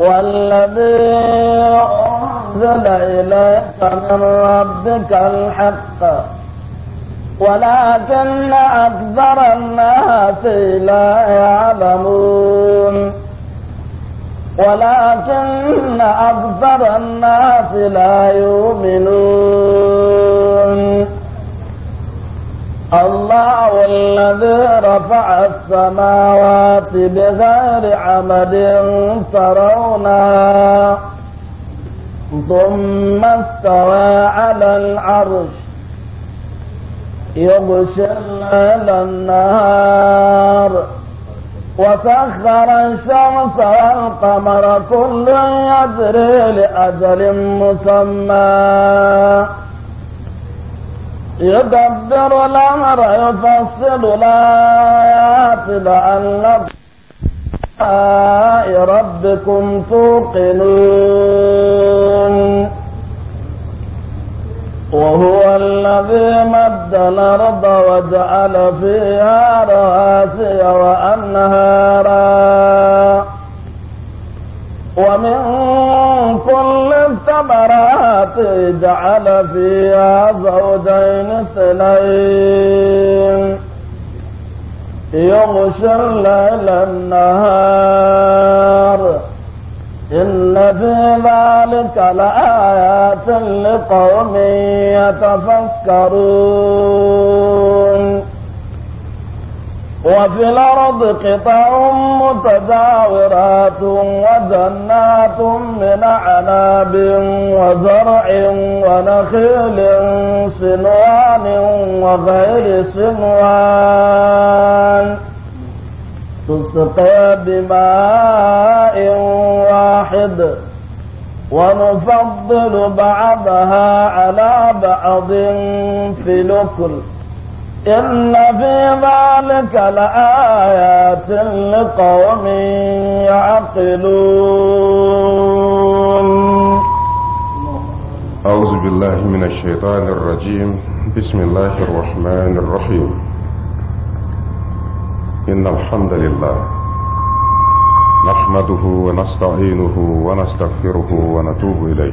والذي أنزل إليك من ربك الحق ولكن أكثر الناس لا يعلمون ولكن أكثر الناس لا يؤمنون الله الذي رفع السماوات بغير عمد ترونها ثم استوى على العرش يغشى الليل النهار وسخر الشمس والقمر كل يجري لأجل مسمى يدبر الأمر يفصل الآيات لعلكم آه ربكم توقنون وهو الذي مد الأرض وجعل فيها رواسي وأنهارا ومن كل الثمرات جعل فيها زوجين اثنين يغشى الليل النهار إن في ذلك لآيات لقوم يتفكرون وفي الأرض قطع متجاورات وجنات من عناب وزرع ونخيل سنوان وغير سنوان تسقى بماء واحد ونفضل بعضها على بعض في لكل إن في ذلك لآيات لقوم يعقلون أعوذ بالله من الشيطان الرجيم بسم الله الرحمن الرحيم إن الحمد لله نحمده ونستعينه ونستغفره ونتوب إليه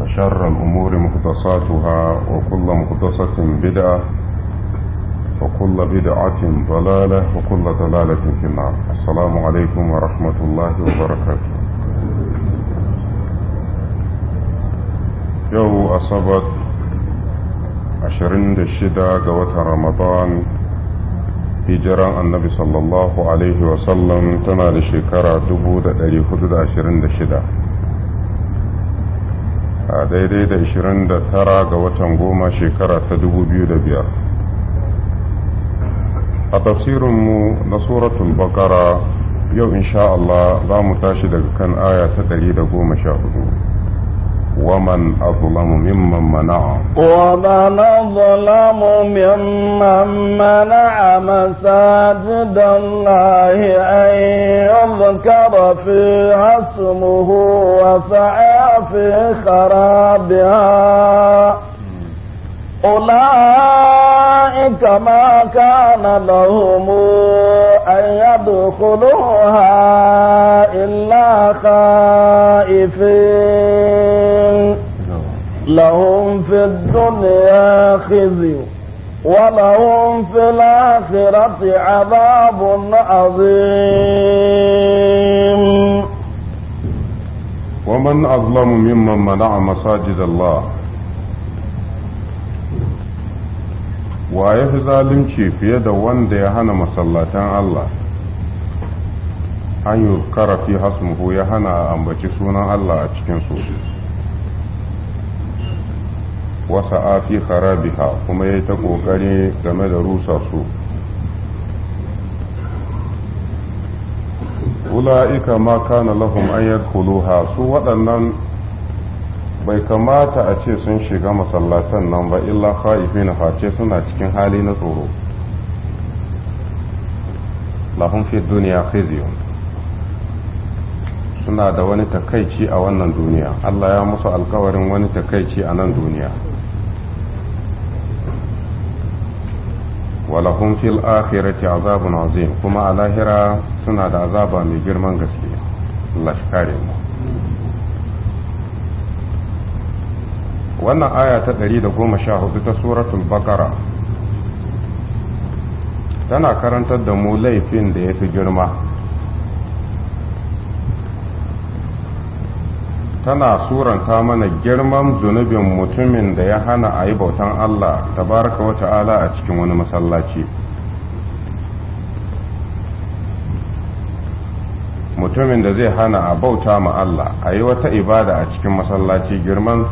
وشر الأمور محدثاتها وكل محدثة بدعة وكل بدعة ضلالة وكل ضلالة في النار السلام عليكم ورحمة الله وبركاته يو أصبت عشرين الشدة قوة رمضان hijiran annabi sallallahu alaihi wasallam tana da shekara 1426 a daidai da 29 ga watan goma shekara ta 2005 a tafsirinmu na suratul bakara yau insha Allah za mu tashi daga kan aya ta 114 ومن أظلم ممن منع ومن أظلم ممن منع مساجد الله أن يذكر فيها اسمه وسعى في خرابها أولئك ما كان لهم أن يدخلوها إلا خائفين لهم في الدنيا خزي ولهم في الآخرة عذاب عظيم ومن أظلم ممن منع مساجد الله وايه ظالم شي في يد وان دي هنا مسلطان الله ان يذكر في حسمه يهنا ان بچي الله اچكين سوجي wasa fi kuma ya ta ƙoƙari game da rusa su ula'ika ma kana lahum ayyar kuluha su waɗannan bai kamata a ce sun shiga masallatan nan ba illa na face suna cikin hali na tsoro lahum fi duniya khizyun suna da wani takaici a wannan duniya Allah ya musu alkawarin wani takaici a nan duniya walahum fil akhirati azabun azim kuma a lahira suna da azaba mai girman gaske Allah aya kare mu wannan aya ta 114 ta suratul baqara tana karantar da mu laifin da ya fi girma tana suranta mana girman zunubin mutumin da ya hana a yi bautan Allah tabaraka wa a cikin wani masallaci mutumin da zai hana a bauta ma Allah a yi wata ibada a cikin masallaci girman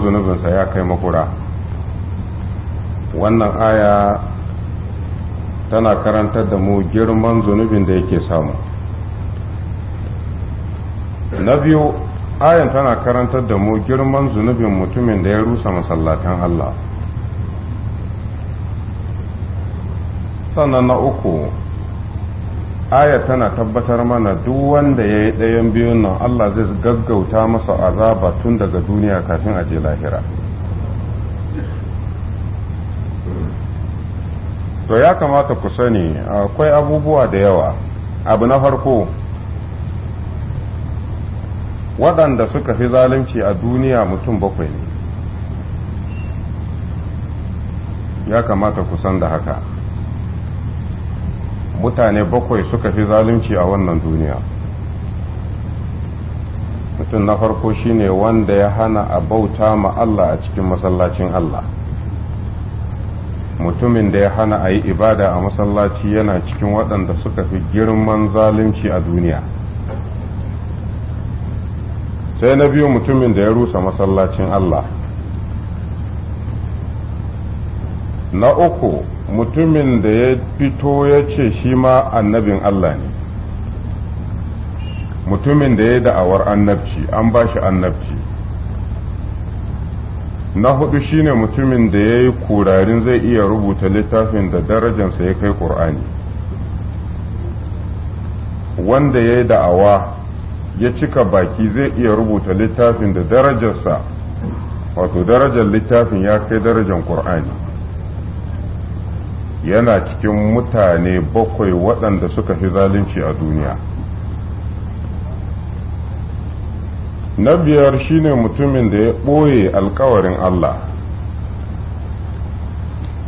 zunubinsa ya kai makura wannan aya tana karantar da mu girman zunubin da yake samu na biyu ayan tana karantar da mu girman zunubin mutumin da ya rusa masallatan Allah sannan na uku aya tana tabbatar mana duk wanda ya yi ɗayan biyun nan Allah zai gaggauta masa azaba tun daga duniya kafin a je lahira to ya kamata ku sani akwai abubuwa da yawa abu na farko waɗanda suka fi zalunci a duniya mutum bakwai ne ya kamata ku san da haka mutane bakwai suka fi zalunci a wannan duniya mutum na farko shine wanda ya hana a bauta ma Allah a cikin masallacin Allah mutumin da ya hana a yi ibada a masallaci yana cikin waɗanda suka fi girman zalunci a duniya sai na biyu mutumin da ya rusa masallacin Allah na uku mutumin da ya fito ya ce shi ma annabin Allah ne mutumin da ya da'awar annabci an ba shi annabci na hudu shine mutumin da ya yi kurarin zai iya rubuta littafin da darajansa ya kai ƙur'ani wanda ya yi da'awa ya cika baki zai iya rubuta littafin da darajarsa wato darajar littafin ya kai darajar ƙur'ani yana cikin mutane bakwai waɗanda suka fi zalunci a duniya na biyar shine mutumin da ya ɓoye alkawarin Allah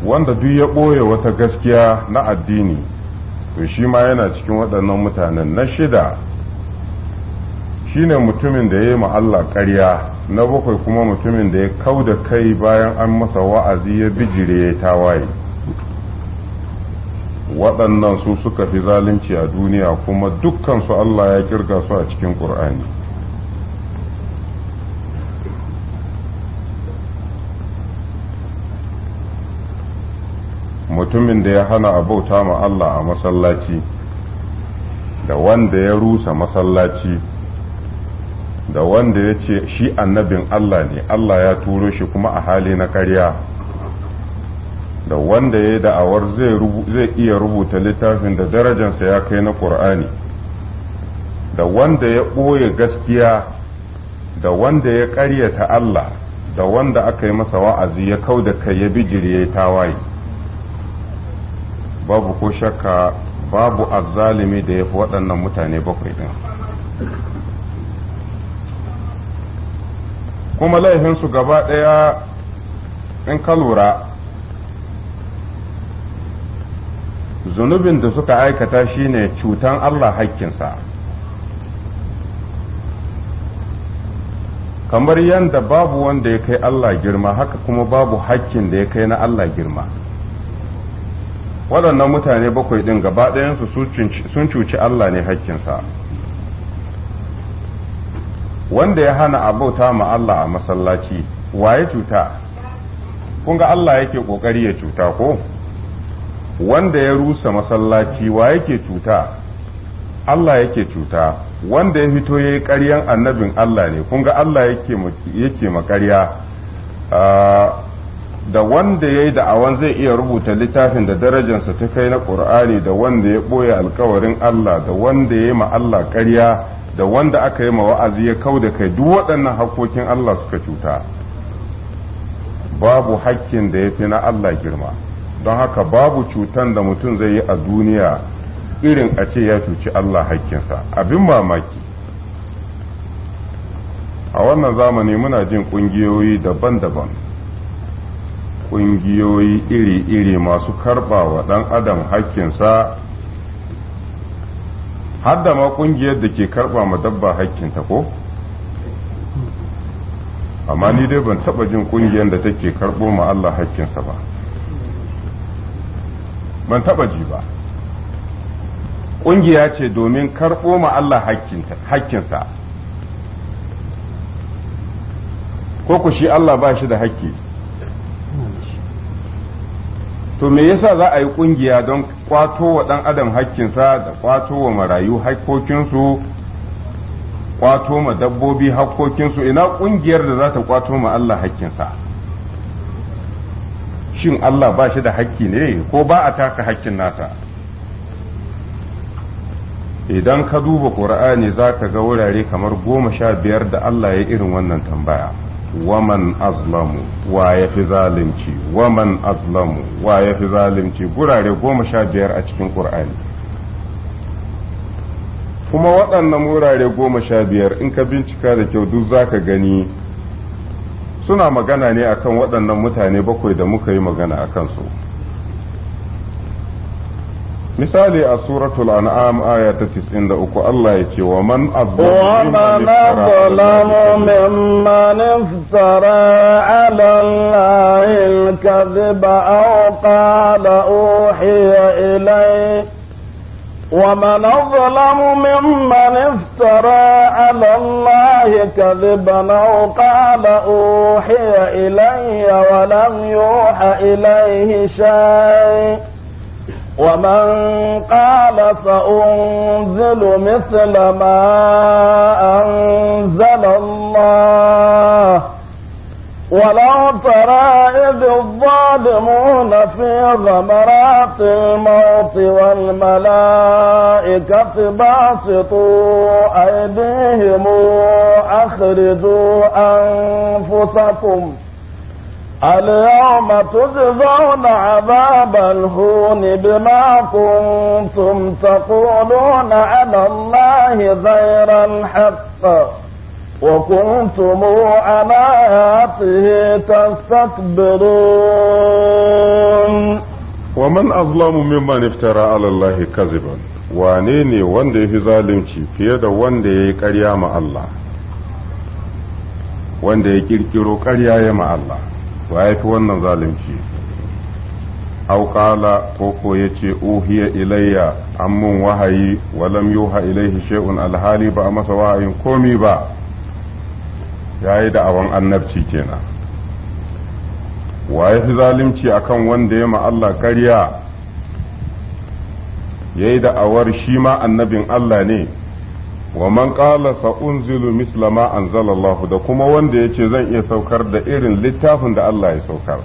wanda duk ya ɓoye wata gaskiya na addini to shi ma yana cikin waɗannan mutanen na shida shine mutumin da ya yi Allah ƙarya na bakwai kuma mutumin da ya kau da kai bayan an masa wa'azi ya bijire ya tawaye waɗannan su suka fi zalunci a duniya kuma dukkansu Allah ya kirga su a cikin ƙur'ani mutumin da ya hana abauta ma Allah a masallaci da wanda ya rusa masallaci da wanda ya ce shi annabin Allah ne Allah ya turo shi kuma a hali na ƙarya da wanda ya yi da'awar zai iya rubuta littafin da darajansa ya kai na ƙur'ani da wanda ya ɓoye gaskiya da wanda ya ƙaryata Allah da wanda aka yi masa wa'azi ya kau da kai ya bijire ya tawaye babu ko shakka babu azzalimi da ya fi waɗannan mutane bakwai ɗin kuma laifinsu gaba ɗaya in ka lura zunubin da suka aikata shine cutan Allah hakkinsa kamar yadda babu wanda ya kai Allah girma haka kuma babu hakkin da ya kai na Allah girma waɗannan mutane bakwai ɗin gaba ɗayansu sun cuci Allah ne hakkinsa wanda ya hana abauta ma Allah a masallaci waye cuta kun ga Allah yake kokari ya cuta ko wanda ya rusa masallaci wa yake cuta Allah yake cuta wanda ya fito ya ƙaryan annabin Allah ne kun ga Allah yake makarya ah, da wanda yayi yi da'awan zai iya rubuta littafin da darajarsa ta kai na ƙur'ani da wanda ya ɓoye alkawarin Allah da wanda yayi ma Allah ƙarya da wanda aka yi ma wa'azi ya kau da kai duk waɗannan hakkokin Allah suka cuta babu hakkin da ya fi na Allah girma don haka babu cutan da mutum zai yi a duniya irin a ce ya cuci Allah hakkinsa abin mamaki a wannan zamani muna jin ƙungiyoyi daban-daban ƙungiyoyi iri-iri masu karɓa wa ɗan adam hakkinsa har da ma kungiyar da ke karba ma dabba hakkinta ko amma ni dai ban taba jin kungiyar da take karbo ma Allah hakkinsa ba ban taba ji ba kungiya ce domin karbo ma Allah hakkinsa ko ku shi Allah ba shi da hakki to me yasa za a yi kungiya don kwato wa dan adam hakkinsa da kwato wa marayu hakkokinsu kwato ma dabbobi hakkokinsu ina kungiyar da za ta kwato ma Allah hakkinsa shin Allah ba shi da hakki ne ko ba a taka hakkin nata idan ka duba ƙur'ani za ka ga wurare kamar goma sha biyar da Allah ya irin wannan tambaya waman azlamu wa ya fi zalimci waman azlamu wa ya fi zalimci gurare goma sha biyar a cikin ƙur'ani kuma waɗannan wurare goma sha biyar in ka bincika da kyau duk za ka gani suna magana ne akan waɗannan mutane bakwai da muka yi magana a kansu misali a suratul an'am aya ta 93 Allah ya ce wa man azlamu mimman iftara ala Allahi al-kadhiba aw qala uhiya ilayhi ومن أظلم ممن افترى على الله كذبا أو قال أوحي إلي ولم يوحى إليه شيء ومن قال سأنزل مثل ما أنزل الله ولو ترى إذ الظالمون في غمرات الموت والملائكة باسطوا أيديهم أخرجوا أنفسكم اليوم تجزون عذاب الهون بما كنتم تقولون على الله غير الحق وكنتم على آياته تستكبرون ومن أظلم ممن افترى على الله كذبا وانيني ne في ظالمتي في يد fiye كريام الله ya كريام الله wa ya fi wannan zalunci auƙala ko ko ya ce uhiya ilayya an mun wahayi walam yuha ilaihi shay'un alhali ba a masa wahayin komi ba yayi da da'awan annabci kenan wa ya fi zalunci akan wanda ya ma Allah ƙarya yayi da awar shi ma annabin Allah ne wa man qala sa unzilu misla ma anzalallahu da kuma wanda yace zan iya saukar da irin littafin da Allah ya saukar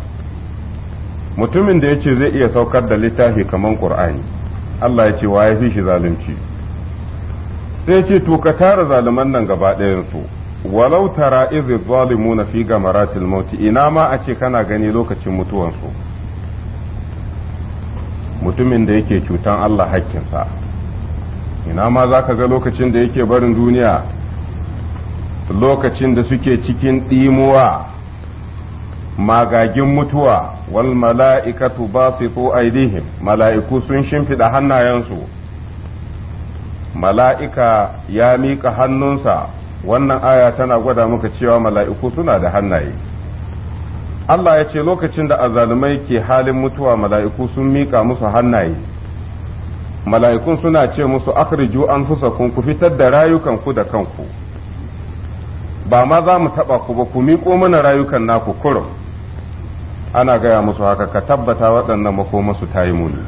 mutumin da yace zai iya saukar da littafi kaman Qur'ani Allah ya ce wa ya fi shi zalunci sai ce to ka tara zaluman nan gaba ɗayan su walau tara iz zalimuna fi gamaratil ina ma a ce kana gani lokacin mutuwansu mutumin da yake cutan Allah hakkinsa ina ma za ka ga lokacin da yake barin duniya lokacin da suke cikin ɗimuwa magagin mutuwa wal mala'ikatu ba su aidihim mala'iku sun shimfiɗa hannayensu mala'ika ya miƙa hannunsa wannan aya tana gwada muka cewa mala'iku suna da hannaye Allah ya ce lokacin da azalumai ke halin mutuwa mala'iku sun miƙa musu hannaye mala'ikun suna ce musu akhriju anfusakum ku fitar da rayukanku da kanku ba ma za mu taɓa ku ba ku miƙo mana rayukan naku kurum ana gaya musu haka ka tabbata waɗannan makomansu ta yi muni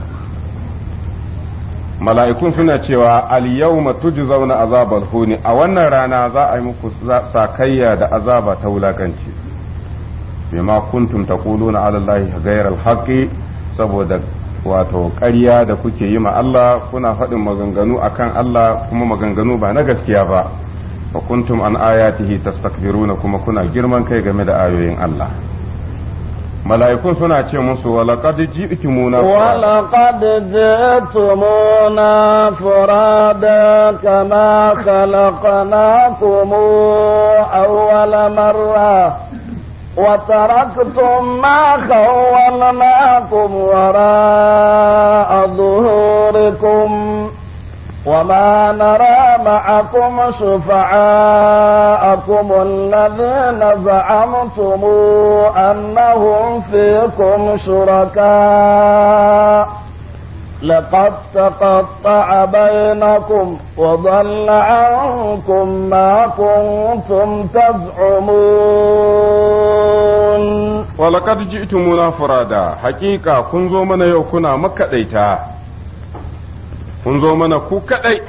mala'ikun suna cewa alyawma tujzauna azabal huni a wannan rana za a yi muku sakayya da azaba ta wulakanci bima kuntum taquluna ala allahi ghayra al saboda wato ƙarya da kuke yi ma Allah kuna faɗin maganganu akan Allah kuma maganganu ba na gaskiya ba wa kuntum an ayatihi tastakbiruna kuma kuna girman kai game da ayoyin Allah mala'ikun suna ce musu wa walaƙad ji'tumuna walaƙad ji'tumuna furada kama khalaqnakum awwala marra وتركتم ما خولناكم وراء ظهوركم وما نرى معكم شفعاءكم الذين زعمتم أنهم فيكم شركاء لقد تقطع بينكم وضل عنكم ما كنتم تزعمون nan walakad muna furada hakika kun zo mana yau kuna makaɗaita kun zo mana ku kaɗai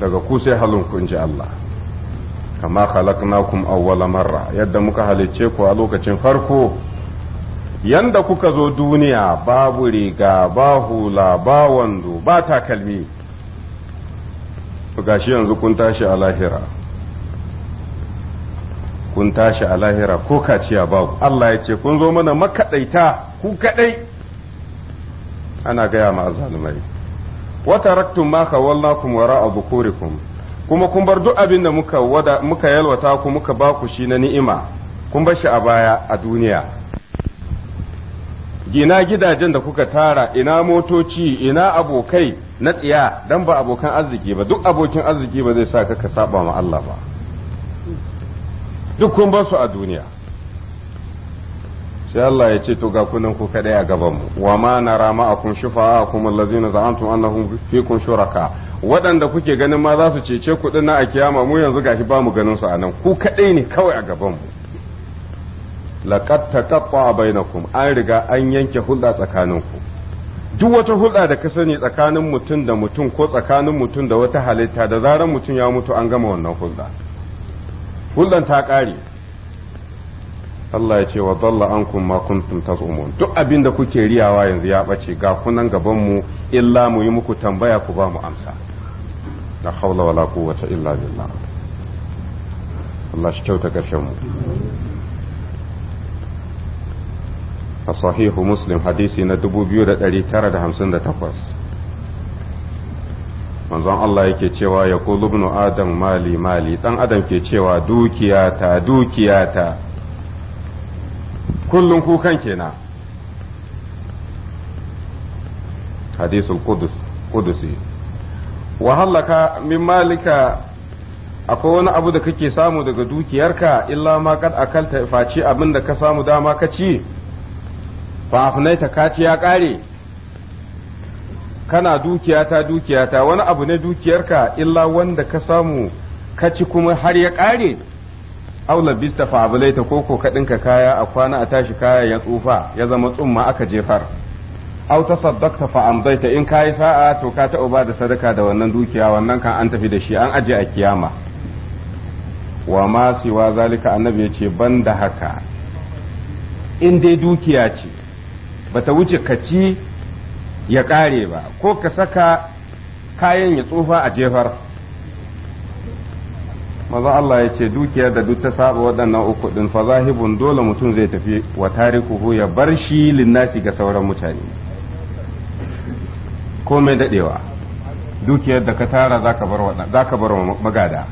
daga ku sai halin kun ji Allah kama khalaqnakum awwala marra yadda muka halicce ku a lokacin farko yanda kuka zo duniya babu riga ba hula ba wando ba takalmi gashi yanzu kun tashi a lahira kun tashi a lahira ko kaciya babu Allah ya ce kun zo mana makaɗaita ku kaɗai ana gaya ma azalumai wa taraktum ma khawallakum wara'a dhukurikum kuma kun bar duk abin da muka wada muka yalwata ku muka ba ku shi na ni'ima kun bar shi a baya a duniya gina gidajen da kuka tara ina motoci ina abokai na tsiya dan ba abokan arziki ba duk abokin arziki ba zai sa ka ka saba ma Allah ba duk kun ba su a duniya sai Allah ya ce to ga kunan ku kadai a gaban mu wa ma nara ma'akum shufa'akum allazina za'antum annahum fikum shuraka waɗanda kuke ganin ma za su cece ku dinna a kiyama mu yanzu gashi ba mu ganin su a nan ku kadai ne kawai a gaban mu laqad taqatta bainakum an riga an yanke hulɗa tsakanin ku duk wata hulɗa da ka sani tsakanin mutum da mutum ko tsakanin mutum da wata halitta da zarar mutum ya mutu an gama wannan hulɗa hullan ta ƙare Allah ya ce wa zalla an kun ma kuntum tazumun duk abin da kuke riyawa yanzu ya ɓace ga kunan gaban mu illa mu yi muku tambaya ku ba mu amsa la haula wala quwwata illa billah Allah shi kyauta karshen mu a sahihu muslim hadisi na 2958 manzon Allah yake cewa ya ibnu adam mali mali dan adam ke cewa dukiyata dukiyata kullun kukan kenan hadisul qudus qudusi wa min malika akwai wani abu da kake samu daga dukiyarka illa ma kad akalta faci abin da ka samu dama ka ci fa afnaita ka ci ya kare kana dukiyata dukiyata wani abu ne dukiyarka illa wanda ka samu ka ci kuma har ya ƙare aula bista fa'abulaita ko ko ka dinka kaya a kwana a tashi kaya ya tsufa ya zama tsumma aka jefar au ta saddaqta amdaita in kayi sa'a to ka taɓa ba da sadaka da wannan dukiya wannan kan an tafi da shi an aje a kiyama wa ma siwa zalika annabi ya ce ban da haka in dai dukiya ce bata wuce kaci. ya ƙare ba ko ka saka kayan ya tsufa a jefar maza Allah ya ce dukiyar da duk ta saba waɗannan uku ɗin fa zahibun dole mutum zai tafi wa tarikuhu ya bar shi linnasi ga sauran mutane komai daɗewa dukiyar da ka tara za ka bar magada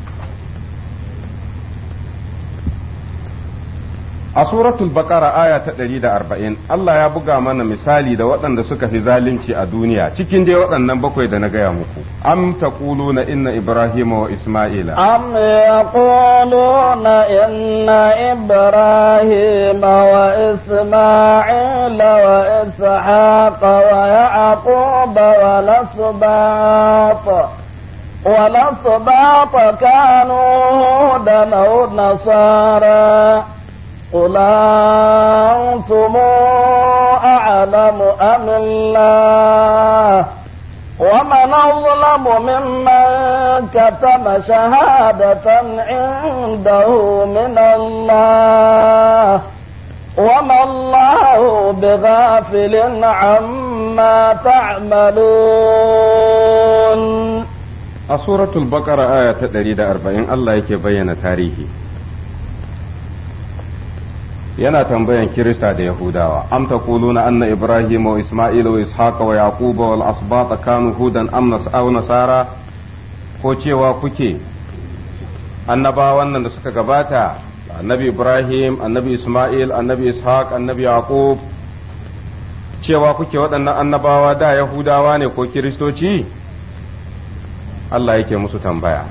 a suratul baqara aya ta 140 Allah ya buga mana misali da waɗanda suka fi zalunci a duniya cikin dai waɗannan bakwai da na gaya muku am taquluna inna ibrahima wa isma'ila am yaquluna inna ibrahima wa isma'ila wa ishaqa wa yaquba wa lasbata ولصباط كانوا هودا أو nasara. قل أنتم أعلم أم الله ومن أظلم ممن كتم شهادة عنده من الله وما الله بغافل عما تعملون a suratul bakara aya ta 140 Allah yake bayyana tarihi yana tambayan kirista da yahudawa am taquluna anna ibrahima wa isma'ila wa ishaqa wa yaquba wal asbata kanu hudan am aw nasara ko cewa kuke annabawan nan da suka gabata annabi ibrahim annabi isma'il annabi ishaq annabi yaqub cewa kuke waɗannan annabawa da yahudawa ne ko kiristoci Allah yake musu tambaya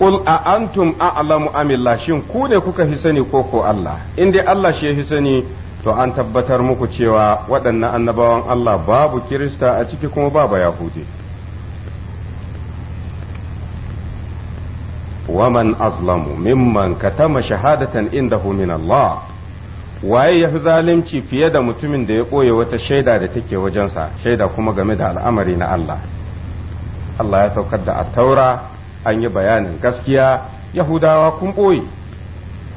qul a antum a'lamu amillah shin ku ne kuka fi sani ko ko Allah in dai Allah shi ya fi sani to an tabbatar muku cewa waɗannan annabawan Allah babu kirista a ciki kuma babu yahudi waman azlamu mimman ma shahadatan inda min Allah waye yafi zalunci fiye da mutumin da ya ɓoye wata shaida da take wajensa shaida kuma game da al'amari na Allah Allah ya saukar da attaura an yi bayanin gaskiya yahudawa kun ɓoye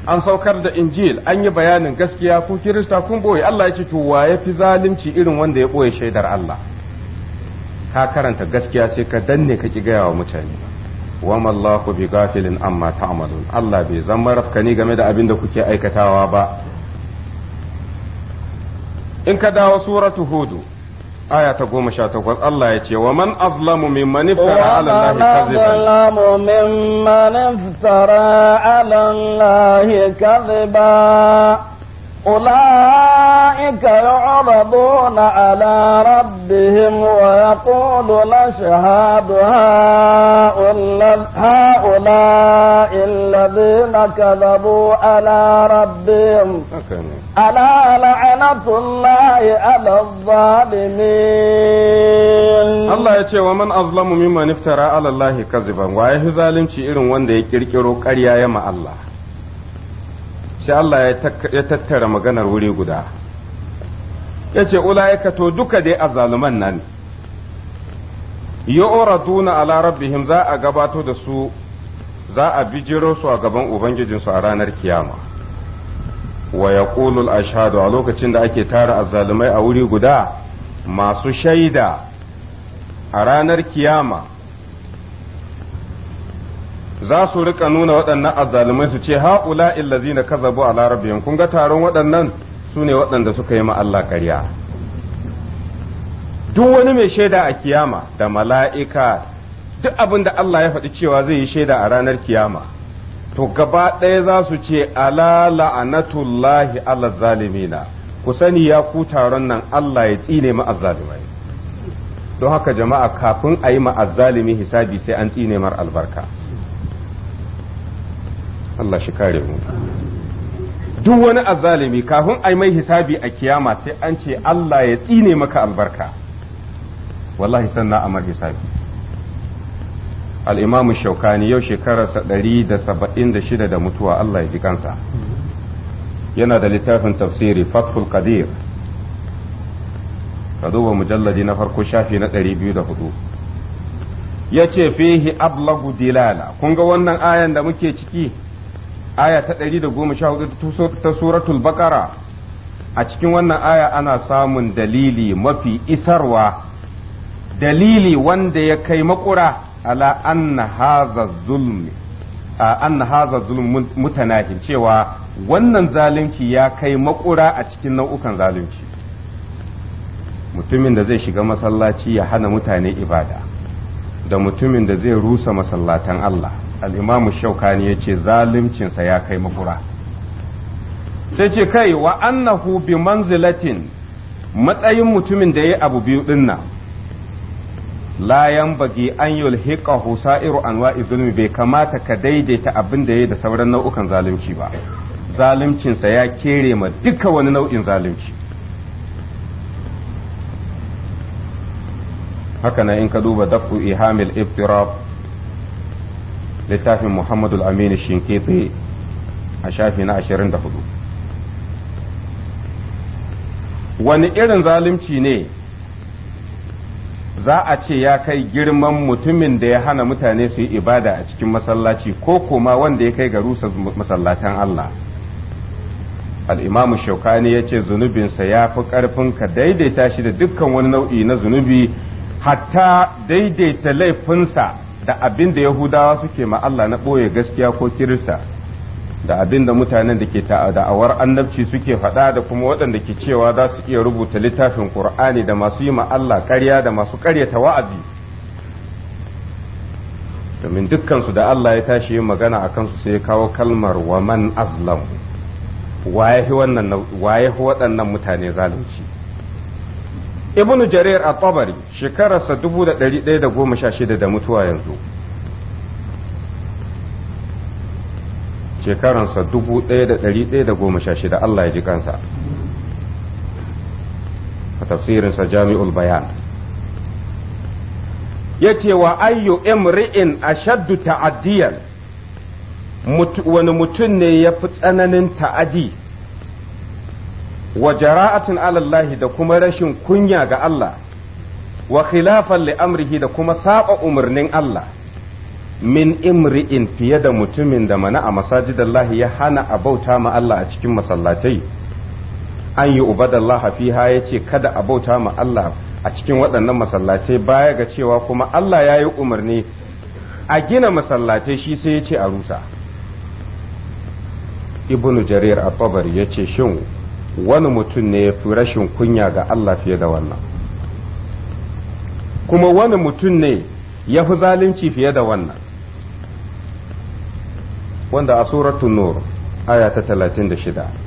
an saukar da injil an yi bayanin gaskiya ku kirista kun boye Allah ya ce to wa ya fi zalunci irin wanda ya boye shaidar Allah ka karanta gaskiya sai ka danne ka ki gaya wa mutane wa mallahu bi gafilin amma ta'malun Allah bai zama rafkani game da abin da kuke aikatawa ba in ka dawo suratu hudu aya ta goma sha takwas Allah ya ce wa man azlamu mimman iftara ala Allah kaziban azlamu mimman iftara ala Allah kaziban أولئك يعرضون على ربهم ويقولون شهاد هؤلاء الذين كذبوا على ربهم ألا لعنة الله على الظالمين الله يتي ومن أظلم ممن افترى على الله كذبا وعيه ظالم شئر وانده يكركروا كريا يما الله sai Allah ya tattara maganar wuri guda ya ce ya to duka dai a zaluman nan yi yu'raduna a larabihim za a gabato da su za a bijiro su a gaban ubangijinsu a ranar kiyama wa a ashhadu a lokacin da ake tara azzalumai a wuri guda masu shaida a ranar kiyama za su rika nuna waɗannan azzalumai su ce haula illazina kazabu a larabiyan kun ga taron waɗannan su ne waɗanda suka yi ma Allah ƙarya duk wani mai shaida a kiyama da mala'ika duk abin da Allah ya faɗi cewa zai yi shaida a ranar kiyama to gaba ɗaya za su ce ala la'anatullahi ala zalimina ku sani ya ku taron nan Allah ya tsine ma azzalumai don haka jama'a kafin a yi ma azzalimi hisabi sai an tsine mar albarka Allah shi kare mu duk wani azalimi kafin ai mai hisabi a kiyama sai an ce Allah ya tsine maka albarka wallahi sannan amar hisabi al'imamu shaukani yau shekararsa ɗari da saba'in da shida da mutuwa Allah ya ji kansa yana da littafin tafsiri fathul qadir ka duba mujalladi na farko shafi na ɗari biyu da hudu ya ce fihi ablagu dilala kun ga wannan ayan da muke ciki aya ta ɗari da goma sha hudu ta suratul bakara a cikin wannan aya ana samun dalili mafi isarwa dalili wanda ya kai makura ala anna haza anna haza zulm mutanahin cewa wannan zalunci ya kai makura a cikin nau'ukan zalunci mutumin da zai shiga masallaci ya hana mutane ibada da mutumin da zai rusa masallatan Allah al'imamu shaukani ya ce zalimcinsa ya kai makura sai ce kai wa annahu bi manzilatin matsayin mutumin da ya abu biyu dinnan layan bagi an yulhiqahu sa'iru anwa zulmi bai kamata ka daidaita abin da yayi da sauran nau'ukan zalunci ba zaluncinsa ya kere ma duka wani nau'in zalunci haka na in ka duba daku ihamil iftirab littafin Muhammadu aminu tsaye a shafi na ashirin da hudu wani irin zalunci ne za a ce ya kai girman mutumin da ya hana mutane su yi ibada a cikin masallaci ko koma wanda ya kai ga rusa masallatan Allah al'imamu shaukani ya ce zunubinsa ya fi ƙarfin ka daidaita shi da dukkan wani nau'i na zunubi hatta daidaita laifinsa da abin da yahudawa suke ma Allah na ɓoye gaskiya ko kirista da abin da mutanen da ke da'awar annabci suke faɗa da kuma waɗanda ke cewa za su iya rubuta littafin ƙur'ani da masu yi ma Allah ƙarya da masu ƙaryata wa'azi domin dukkansu da Allah ya tashi yin magana a kansu sai ya kawo kalmar wa man azlam waye waɗannan mutane zalunci ibn jarir a tabari shekararsa 1116 da mutuwa yanzu shekaransa 1116 Allah ya ji kansa a tafsirinsa jami'ul bayan yake wa ayyu imri'in ashaddu ta'addiyan wani mutum ne ya fi tsananin ta'adi wa jara'atin alallahi da kuma rashin kunya ga Allah wa khilafan li amrihi da kuma saba umarnin Allah min imri'in fiye da mutumin da mana a masajidallahi ya hana a bauta ma Allah a cikin masallatai an yi ubadallaha fiha ya ce kada a bauta ma Allah a cikin waɗannan masallatai baya ga cewa kuma Allah ya yi umarni a gina masallatai shi sai ya ce a rusa ibnu jarir a tabari ya ce shin wani mutum ne ya fi rashin kunya ga Allah fiye da wannan kuma wani mutum ne ya fi zalunci fiye da wannan wanda a suratun nur aya ta 36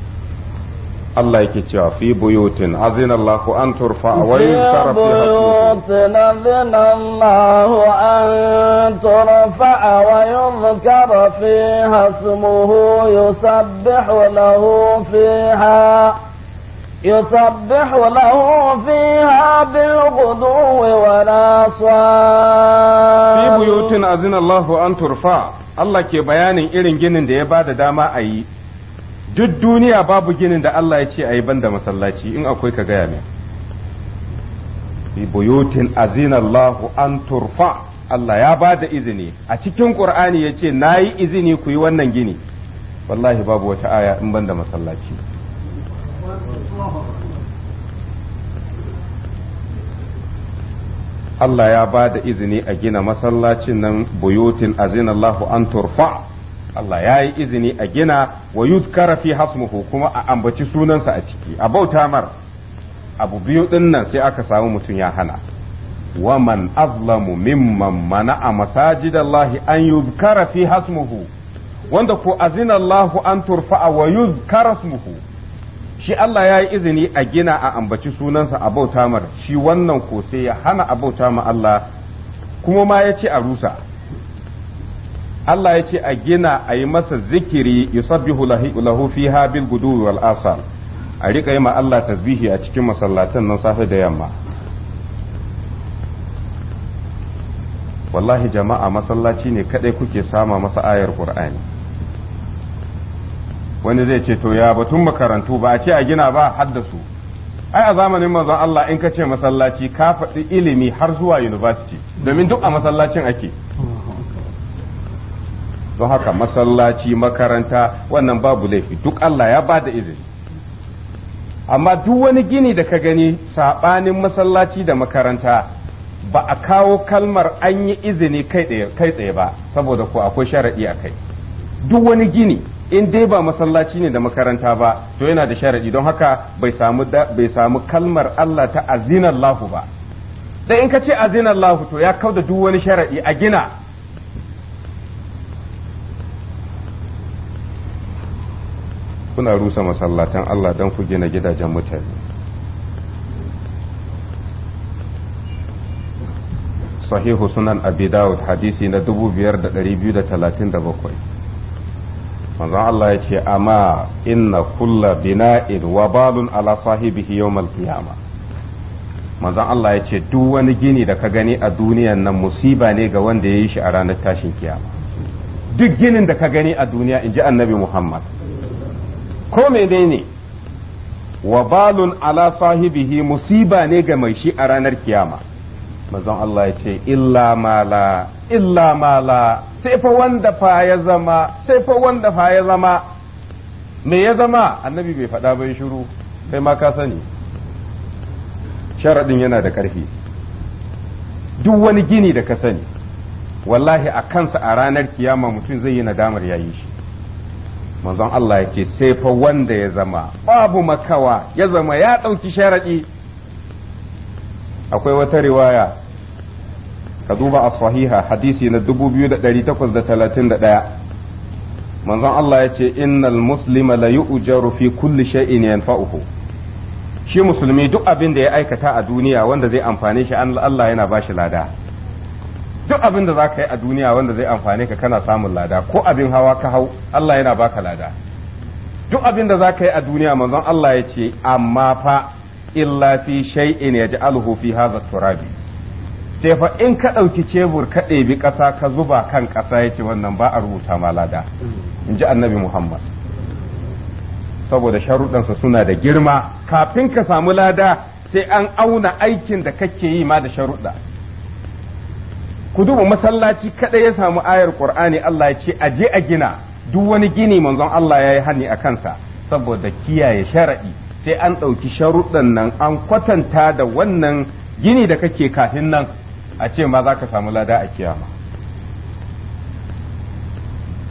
Allah yake cewa fi buyutin azina Allah an turfa wa yuzkara fi buyutin azina Allah an turfa wa yuzkara fiha ismuhu yusabbihu lahu fiha يسبح له فيها بالغدو ولا في بيوت أذن الله أن ترفع Allah ke bayanin irin ginin da ya ba da dama a yi duk duniya babu ginin da Allah ya ce a yi banda masallaci in akwai ka gaya min bi buyutin azinallahu an turfa Allah ya ba da izini a cikin Qur'ani ya ce na yi izini ku yi wannan gini wallahi babu wata aya in banda masallaci Allah ya ba da izini a gina masallacin nan buyutin azinallahu an turfa Allah ya yi izini a gina wa yuzkara fi hasmuhu kuma a ambaci sunansa a ciki a bauta mar abu biyu din nan sai aka samu mutum ya hana wa man azlamu mimman mana'a masajidallahi an yuzkara fi hasmuhu wanda ko azina Allah an turfa'a wa yuzkara smuhu shi Allah ya yi izini a gina a ambaci sunansa a bauta mar shi wannan ko sai ya hana a bauta ma Allah kuma ma ya ce a rusa Allah ya ce a gina a yi masa zikiri yusabbihu lahu fiha bil gudu wal asal a rika yi ma Allah tasbihi a cikin masallatan nan safe da yamma wallahi jama'a masallaci ne kadai kuke sama masa ayar qur'ani wani zai ce to ya batun makarantu ba a ce a gina ba haddasu ai a zamanin manzon Allah in ka ce masallaci ka faɗi ilimi har zuwa university domin duk a masallacin ake don haka masallaci makaranta wannan babu laifi duk Allah ya bada izini amma duk wani gini da ka gani saɓanin masallaci da makaranta ba a kawo kalmar an yi izini kai tsaye ba saboda ko akwai sharaɗi a kai duk wani gini in dai ba masallaci ne da makaranta ba to yana da sharaɗi don haka bai samu bai samu kalmar Allah ta azinallahu ba dan in ka ce azinallahu to ya kauda duk wani sharaɗi a gina kuna rusa masallatan Allah don ku gina gidajen mutane sahihu sunan abi dawud hadisi na bakwai manzon Allah ya ce amma inna kulla bina'in wa balun ala sahibihi yawmal qiyama manzon Allah ya ce duk wani gini da ka gani a duniyan nan musiba ne ga wanda ya yi shi a ranar tashin kiyama duk ginin da ka gani a duniya in ji annabi Muhammad ko menene wa balun ala sahibihi musiba ne ga mai shi a ranar kiyama mazan Allah ya ce illa mala illa mala sai fa wanda fa ya zama sai fa wanda fa ya zama me ya zama annabi bai faɗa bai shiru kai ma ka sani sharaɗin yana da ƙarfi duk wani gini da ka sani wallahi a kansa a ranar kiyama mutum zai yi nadamar yayi shi manzon Allah ce sai fa wanda ya zama babu makawa ya zama ya ɗauki sharaɗi akwai wata riwaya ka duba a sahiha hadisi na 2831 manzon Allah ya ce innal muslima la yu'jaru fi kulli shay'in yanfa'uhu shi musulmi duk abin da ya aikata a duniya wanda zai amfane shi Allah yana bashi lada duk abin da za ka yi a duniya wanda zai amfane ka kana samun lada ko abin hawa ka hau Allah yana baka lada duk abin da za ka yi a duniya manzon Allah ya ce amma fa illa fi shay'in yaj'aluhu fi hadha turabi sai fa in ka ɗauki cebur ka ɗebi ƙasa ka zuba kan ƙasa ya wannan ba a rubuta ma lada in ji annabi Muhammad saboda sharuɗansa suna da girma kafin ka samu lada sai an auna aikin da kake yi ma da sharuɗa ku duba masallaci kaɗai ya samu ayar qur'ani Allah ya ce a je a gina duk wani gini manzon Allah ya yi hani a kansa saboda kiyaye shara'i sai an ɗauki sharuɗan nan an kwatanta da wannan gini da kake kafin nan a ce ma za ka samu lada a kiyama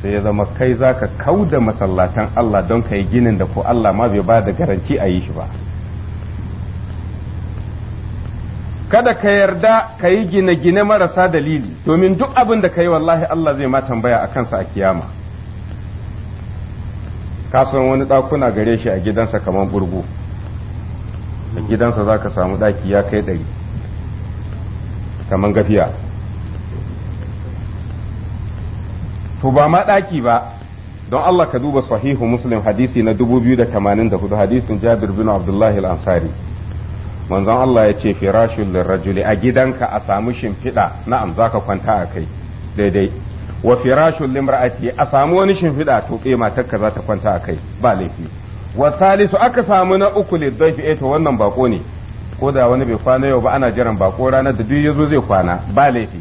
sai ya zama kai za ka kau masallatan Allah don ka yi ginin da ko Allah ma bai ba da garanci a yi shi ba kada ka yarda ka yi gine-gine marasa dalili domin duk abin da ka yi wallahi Allah zai ma tambaya a kansa a kiyama kasan wani ɗakuna gare shi a gidansa kamar burgu da gidansa za ka samu ɗaki ya kai ɗari kamar gafiya to ba ma ɗaki ba don Allah ka duba sahihu muslim hadisi na 2084 hadisin jabir bin abdullahi al-ansari manzon Allah ya ce firashul lirrajuli a gidanka a samu shimfiɗa na'am zaka kwanta a kai daidai wa firashul limra'ati a samu wani shimfiɗa to eh matarka za ta kwanta a kai ba laifi wa salisu aka samu na uku liddafi eh to wannan bako ne ko da wani bai kwana yau ba ana jiran bako ranar da duk yazo zai kwana ba laifi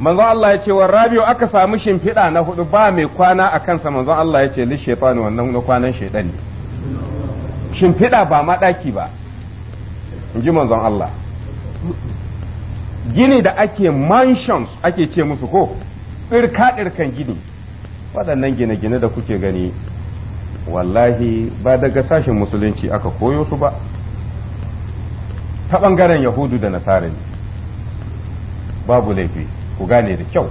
manzon Allah ya ce wa rabiu aka samu shimfiɗa na hudu ba mai kwana a kansa manzon Allah ya ce li wannan na kwanan shaydan ne shimfiɗa ba ma daki ba in ji manzon Allah gini da ake mansions ake ce musu ko tsirka-tsirkan gini waɗannan gine-gine da kuke gani wallahi ba daga sashen musulunci aka koyo su ba ta ɓangaren yahudu da nasara ne babu laifi ku gane da kyau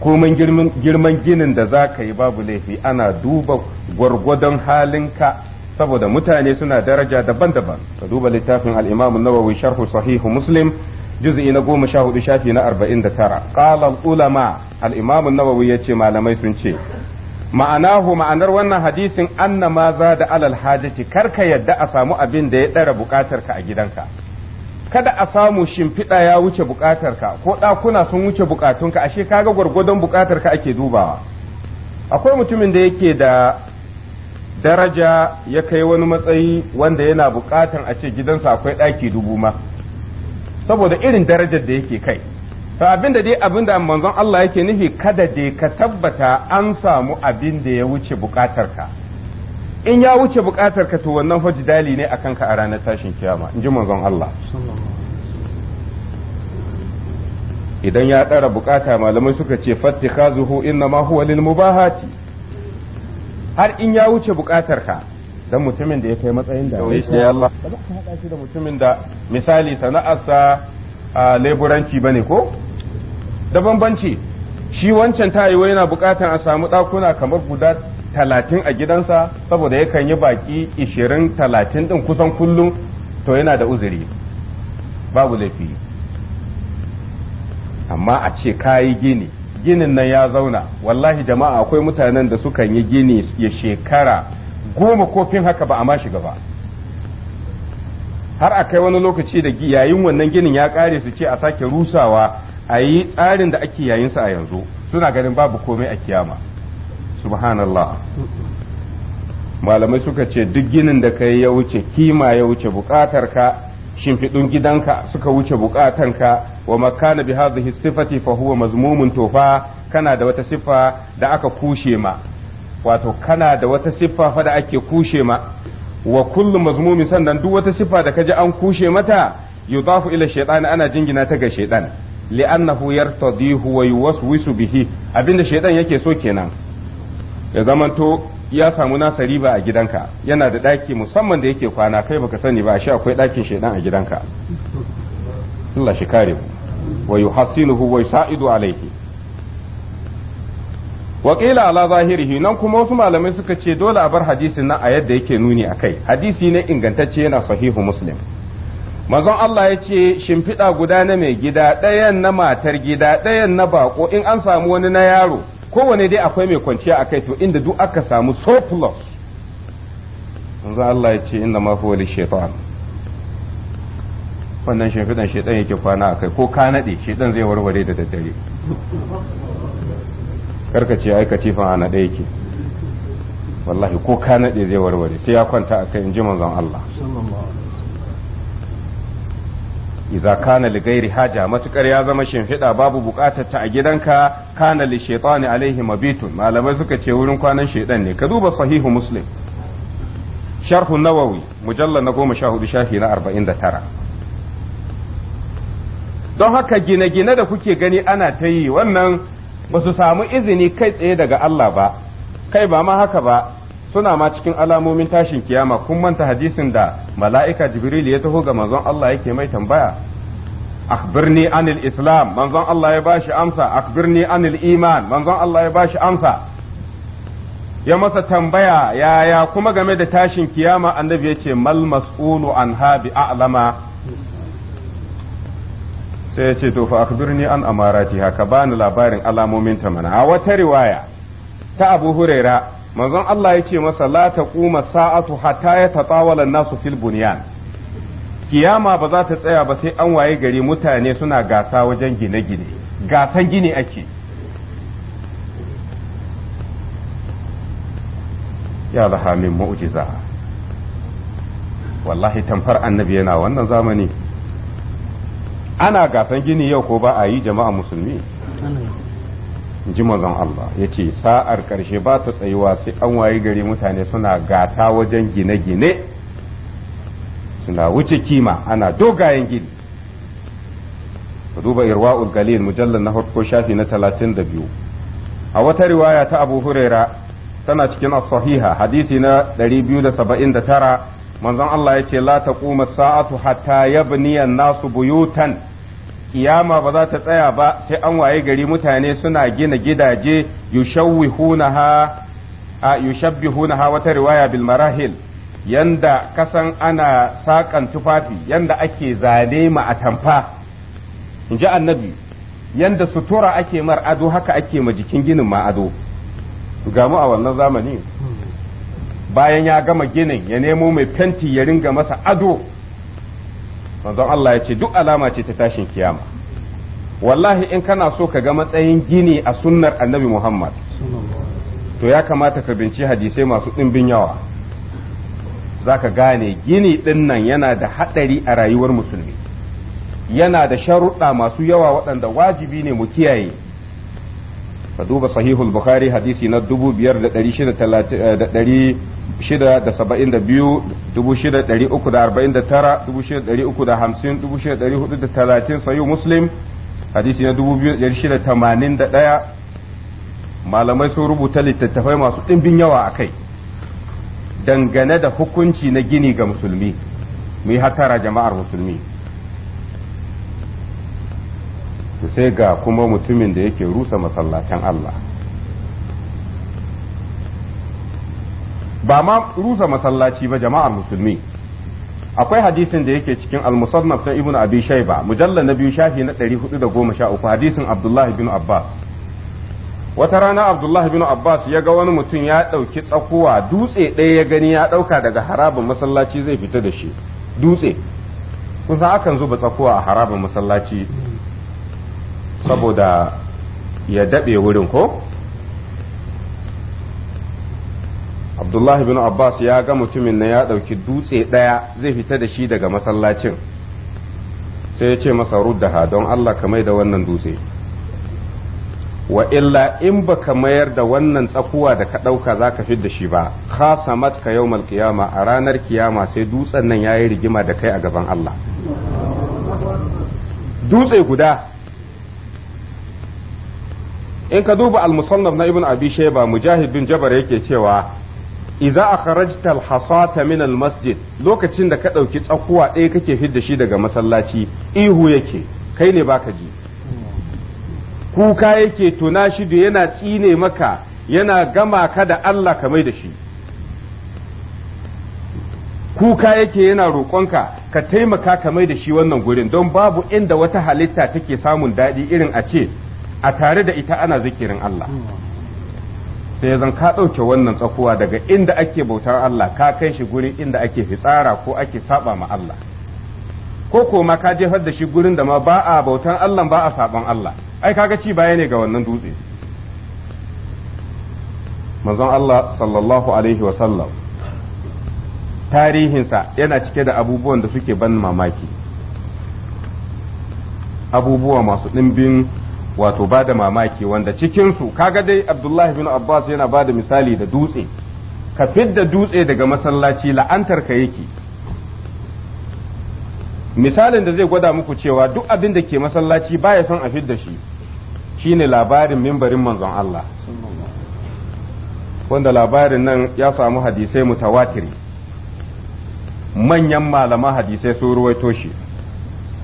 komai girman ginin da za ka yi babu laifi ana duba gwargwadon halinka saboda mutane suna daraja daban-daban ka duba littafin al-Imam an-Nawawi sharh sahih Muslim juz'i na goma sha hudu shafi na arba'in da tara ulama al-Imam an-Nawawi yace malamai sun ce ma'anahu ma'anar wannan hadisin anna ma za da alal hajati karka yadda a samu abin da ya ɗara ka a gidanka kada a samu shimfiɗa ya wuce ka ko ɗakuna sun wuce bukatunka ashe kaga gwargwadon ka ake dubawa akwai mutumin da yake da daraja ya kai wani matsayi wanda yana bukatan a ce gidansa akwai ɗaki dubu ma saboda irin darajar da yake kai to abin da dai abin da manzon Allah yake nufi kada dai ka tabbata an samu abin da ya wuce bukatarka in ya wuce bukatarka to wannan fa jidali ne akan ka a ranar tashin kiyama in ji manzon Allah idan ya tsara bukata malamai suka ce fattikhazuhu inna ma huwa lil mubahati har in ya wuce bukatar ka dan mutumin da ya kai matsayin da ya shi Allah ba da mutumin da misali sana'arsa a leburanci bane ko da bambanci shi wancan ta wai yana bukatar a samu dakuna kamar guda talatin a gidansa saboda yakan yi baki ishirin talatin din kusan kullum to yana da uzuri babu laifi amma a ce kayi gini ginin nan ya zauna wallahi jama'a akwai mutanen da sukan yi gini ya shekara goma kofin haka ba a ma shiga ba har akai wani lokaci da yayin wannan ginin ya kare su ce a sake rusawa a yi tsarin da ake yayin sa a yanzu suna ganin babu komai a kiyama subhanallah malamai suka ce duk ginin da kai ya wuce kima ya wuce bukatar ka shimfiɗun gidanka suka wuce bukatanka wa makana bi hadhihi sifati fa huwa mazmumun tofa kana da wata siffa da aka kushe ma wato kana da wata siffa fa da ake kushe ma wa kullu mazmumin sannan duk wata siffa da kaji an kushe mata yudafu ila shaytan ana jingina ta ga shaytan li'annahu yartadihu wa yuwaswisu bihi abinda shaytan yake so kenan ya zamanto ya samu nasa riba a gidanka yana da ɗaki musamman da yake kwana kai baka sani ba shi akwai ɗakin shaidan a gidanka Allah shi kare mu wa yuhassinuhu wa yusa'idu alayhi wa qila ala zahirihi nan kuma wasu malamai suka ce dole a bar hadisin nan a yadda yake nuni akai hadisi ne ingantacce yana sahihu muslim manzon Allah ya ce shimfiɗa guda na mai gida ɗayan na matar gida ɗayan na bako in an samu wani na yaro kowane dai akwai mai kwanciya a kai to inda duk aka samu surplus yanzu Allah ya ce inda ma huwa shaitan wannan shimfiɗan shaitan yake kwana a kai ko ka naɗe shaitan zai warware da daddare karkace aikaci fa a naɗe yake wallahi ko ka naɗe zai warware sai ya kwanta a kai in ji manzon Allah Iza kana li ghairi haja matukar ya zama shimfiɗa babu bukatar ta a gidanka kana li shaytani alaihi mabitun malamai suka ce wurin kwanan shaydan ne ka duba sahihu muslim sharh nawawi mujallal na goma sha hudu shafi na arba'in da tara don haka gine-gine da kuke gani ana ta yi wannan ba su samu izini kai tsaye daga Allah ba kai ba ma haka ba suna ma cikin alamomin tashin kiyama kun manta hadisin da mala'ika jibril ya taho ga manzon Allah yake mai tambaya akhbirni anil islam manzon Allah ya bashi amsa akhbirni anil iman manzon Allah ya bashi amsa ya masa tambaya yaya kuma game da tashin kiyama annabi ya ce mal mas'ulu anha bi a'lama sai ya ce to fa akhbirni an amaratiha ka bani labarin alamomin ta mana a wata riwaya ta Abu Huraira manzon Allah yake masa la taquma sa'atu hatta yatatawala an-nasu fil bunyan kiyama ba za ta tsaya ba sai an waye gari mutane suna gasa wajen gine-gine gasan gini ake ya zaha min mu'jiza wallahi tamfar annabi yana wannan zamani ana gasan gini yau ko ba a yi jama'a musulmi ji mazan Allah ya ce sa'ar ƙarshe ba ta tsayuwa sai an wayi gari mutane suna gata wajen gine-gine suna wuce kima ana dogayen gini ku duba irwa'ul galil mujallar na farko shafi na talatin da biyu a wata riwaya ta abu huraira tana cikin as-sahiha hadisi na 279 manzon Allah ya ce la taquma sa'atu hatta yabniya nasu buyutan kiyama ba za ta tsaya ba sai an waye gari mutane suna gina gidaje yushawwihunaha a yushabbihunaha wata riwaya bil marahil yanda kasan ana sakan tufafi yanda ake zane ma atamfa in ji annabi yanda sutura ake mar ado haka ake ma jikin ginin ma ado mu a wannan zamani bayan ya gama ginin ya nemo mai fenti ya ringa masa ado manzon Allah ya ce duk alama ce ta tashin kiyama wallahi in kana so ka ga matsayin gini a sunnar annabi Muhammad to ya kamata ka binci hadisai masu ɗimbin yawa za ka gane gini ɗin nan yana da haɗari a rayuwar musulmi yana da sharuɗa masu yawa waɗanda wajibi ne mu kiyaye ka duba sahihul bukhari hadisi na 5679 eh, sayu muslim hadisi na 2681 malamai sun rubuta littattafai masu ɗimbin yawa a kai dangane da hukunci na gini ga musulmi mu yi hatara jama'ar musulmi sai ga kuma mutumin da yake rusa masallacin Allah ba ma rusa masallaci ba jama'ar musulmi akwai hadisin da yake cikin al-musannaf na ibnu abi shayba mujallal na biyu shafi na 413 hadisin abdullahi bin abbas wata rana abdullahi bin abbas ya ga wani mutum ya ɗauki tsakuwa dutse ɗaya ya gani ya ɗauka daga harabin masallaci zai fita da shi dutse kusa akan zuba tsakuwa a harabin masallaci saboda ya daɗe wurin ko abdullahi bin abbas ya ga mutumin na ya ɗauki dutse ɗaya zai fita da shi daga masallacin sai ya ce masa ruddaha don allah ka mai da wannan dutse wa illa in ba ka mayar da wannan tsakuwa da ka ɗauka za ka da shi ba ka samat ka yau kiyama a ranar kiyama sai dutsen nan ya yi rigima da kai a gaban allah dutse guda in ka duba al-musannaf na ibn abi shayba mujahid bin jabar yake cewa idza akhrajta al-hasata min al-masjid lokacin da ka dauki tsakuwa ɗaya kake fidda shi daga masallaci ihu yake kai ne baka ji kuka yake tuna shi da yana tsine maka yana gama ka da Allah ka mai da shi kuka yake yana roƙonka ka taimaka ka mai da shi wannan gurin don babu inda wata halitta take samun daɗi irin a ce a tare da ita ana zikirin Allah sai zan ka ɗauke wannan tsakuwa daga inda ake bautar Allah ka kai shi guri inda ake fitsara ko ake saba ma Allah ko ko ma ka jefar da shi gurin da ma ba a bautar Allah ba a saban Allah ai kaga ci baya ne ga wannan dutse manzon Allah sallallahu alaihi wa sallam tarihinsa yana cike da abubuwan da suke ban mamaki abubuwa masu ɗimbin wato ba da mamaki wanda cikinsu kaga dai abdullahi bin abbas yana ba da misali da dutse ka fidda dutse daga masallaci la'antar ka yake misalin da zai gwada muku cewa duk abin da ke masallaci baya son a fidda shi shine labarin mimbarin manzon Allah wanda labarin nan ya samu hadisai mutawatiri manyan malaman hadisai sun ruwaito shi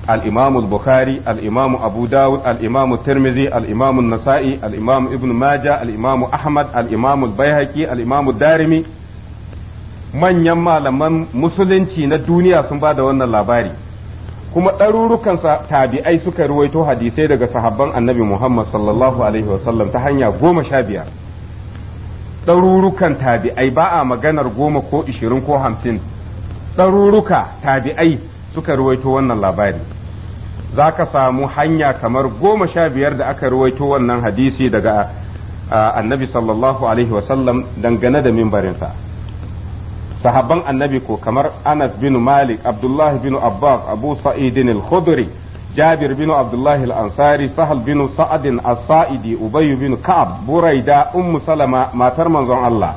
الإمام البخاري الإمام أبو داود الإمام الترمذي الإمام النسائي الإمام ابن ماجة الإمام أحمد الإمام البيهقي الإمام الدارمي manyan malaman musulunci na duniya sun ba da wannan labari kuma ɗarurukan tabi'ai suka ruwaito hadisai daga sahabban annabi Muhammad sallallahu alaihi wasallam ta hanya goma sha biyar ɗarurukan tabi'ai ba'a maganar goma ko ishirin ko hamsin ɗaruruka tabi'ai suka ruwaito wannan labari za ka samu hanya kamar goma sha biyar da aka ruwaito wannan hadisi daga annabi sallallahu alaihi wasallam dangane da mimbarinsa sahabban annabi ko kamar anas bin malik abdullahi bin abbas abu sa'idin al-khudri جابر بن عبد الله الأنصاري سهل بن سعد الصائدي أبي بن كعب بريدة أم سلمة ما ترمن الله Allah.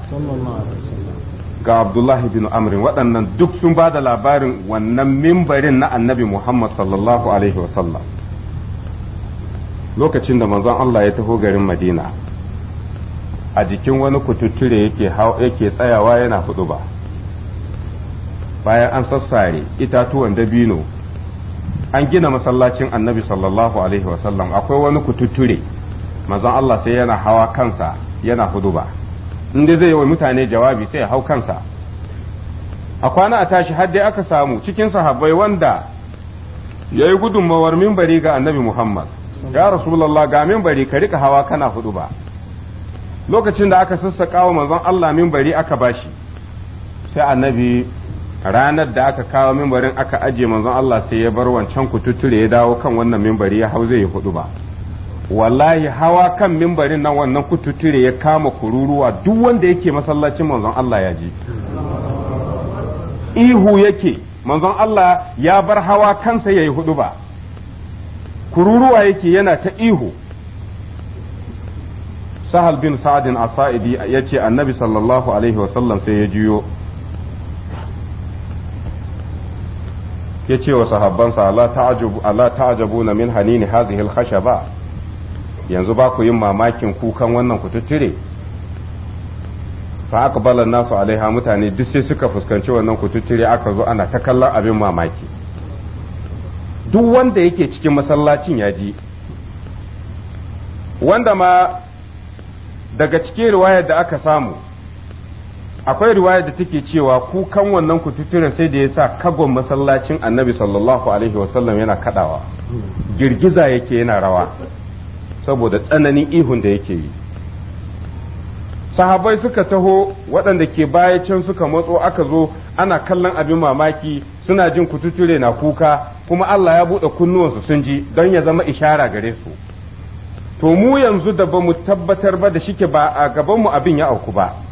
ga Abdullahi bin Amrin waɗannan duk sun ba da labarin wannan mimbarin na annabi Muhammad sallallahu Alaihi wasallam lokacin da manzon Allah ya taho garin Madina a jikin wani kututture yake tsayawa yana hudu bayan an sassare itatuwan dabino an gina masallacin annabi sallallahu Alaihi wasallam akwai wani kututture manzon Allah sai yana hawa kansa yana hudu ba. in dai zai yi wa mutane jawabi sai ya hau kansa a kwana a tashi har dai aka samu cikin sahabbai wanda ya yi gudunmawar mimbari ga annabi muhammad ya lalla ga mimbari ka rika hawa kana hudu ba lokacin da aka sassaƙa wa manzon allah mimbari aka ba shi sai annabi ranar da aka kawo mimbarin aka ajiye manzon allah sai ya bar wancan kututture ya dawo kan wannan mimbari ya hau zai yi hudu ba wallahi hawa kan mimbarin nan wannan kututure ya kama kururuwa duk wanda yake masallacin manzon Allah ya ji ihu yake manzon Allah ya bar hawa kansa yayi hudu ba kururuwa yake yana ta ihu sahal bin sa'adin asa'idi ya ce annabi sallallahu alaihi wasallam sai ya juyo ya ce wa sahabbansa ala ta'ajabu na min hanini hazihi al-khashaba yanzu ba ku yin mamakin kukan wannan ku tuttire fa aka bala nasu alaiha mutane duk sai suka fuskanci wannan ku aka zo ana ta kallon abin mamaki duk wanda yake cikin masallacin ya ji wanda ma daga cikin riwayar da aka samu akwai riwayar da take cewa kukan wannan tuture sai da ya sa kagon masallacin annabi sallallahu alaihi wasallam yana kadawa girgiza yake yana rawa saboda tsananin ihun da yake yi sahabai suka taho waɗanda ke baya can suka matso aka zo ana kallon abin mamaki suna jin kututure na kuka kuma Allah ya buɗe kunnuwansu sun ji don ya zama ishara gare su to mu yanzu da ba mu tabbatar ba da shike ba a gabanmu abin ya auku ba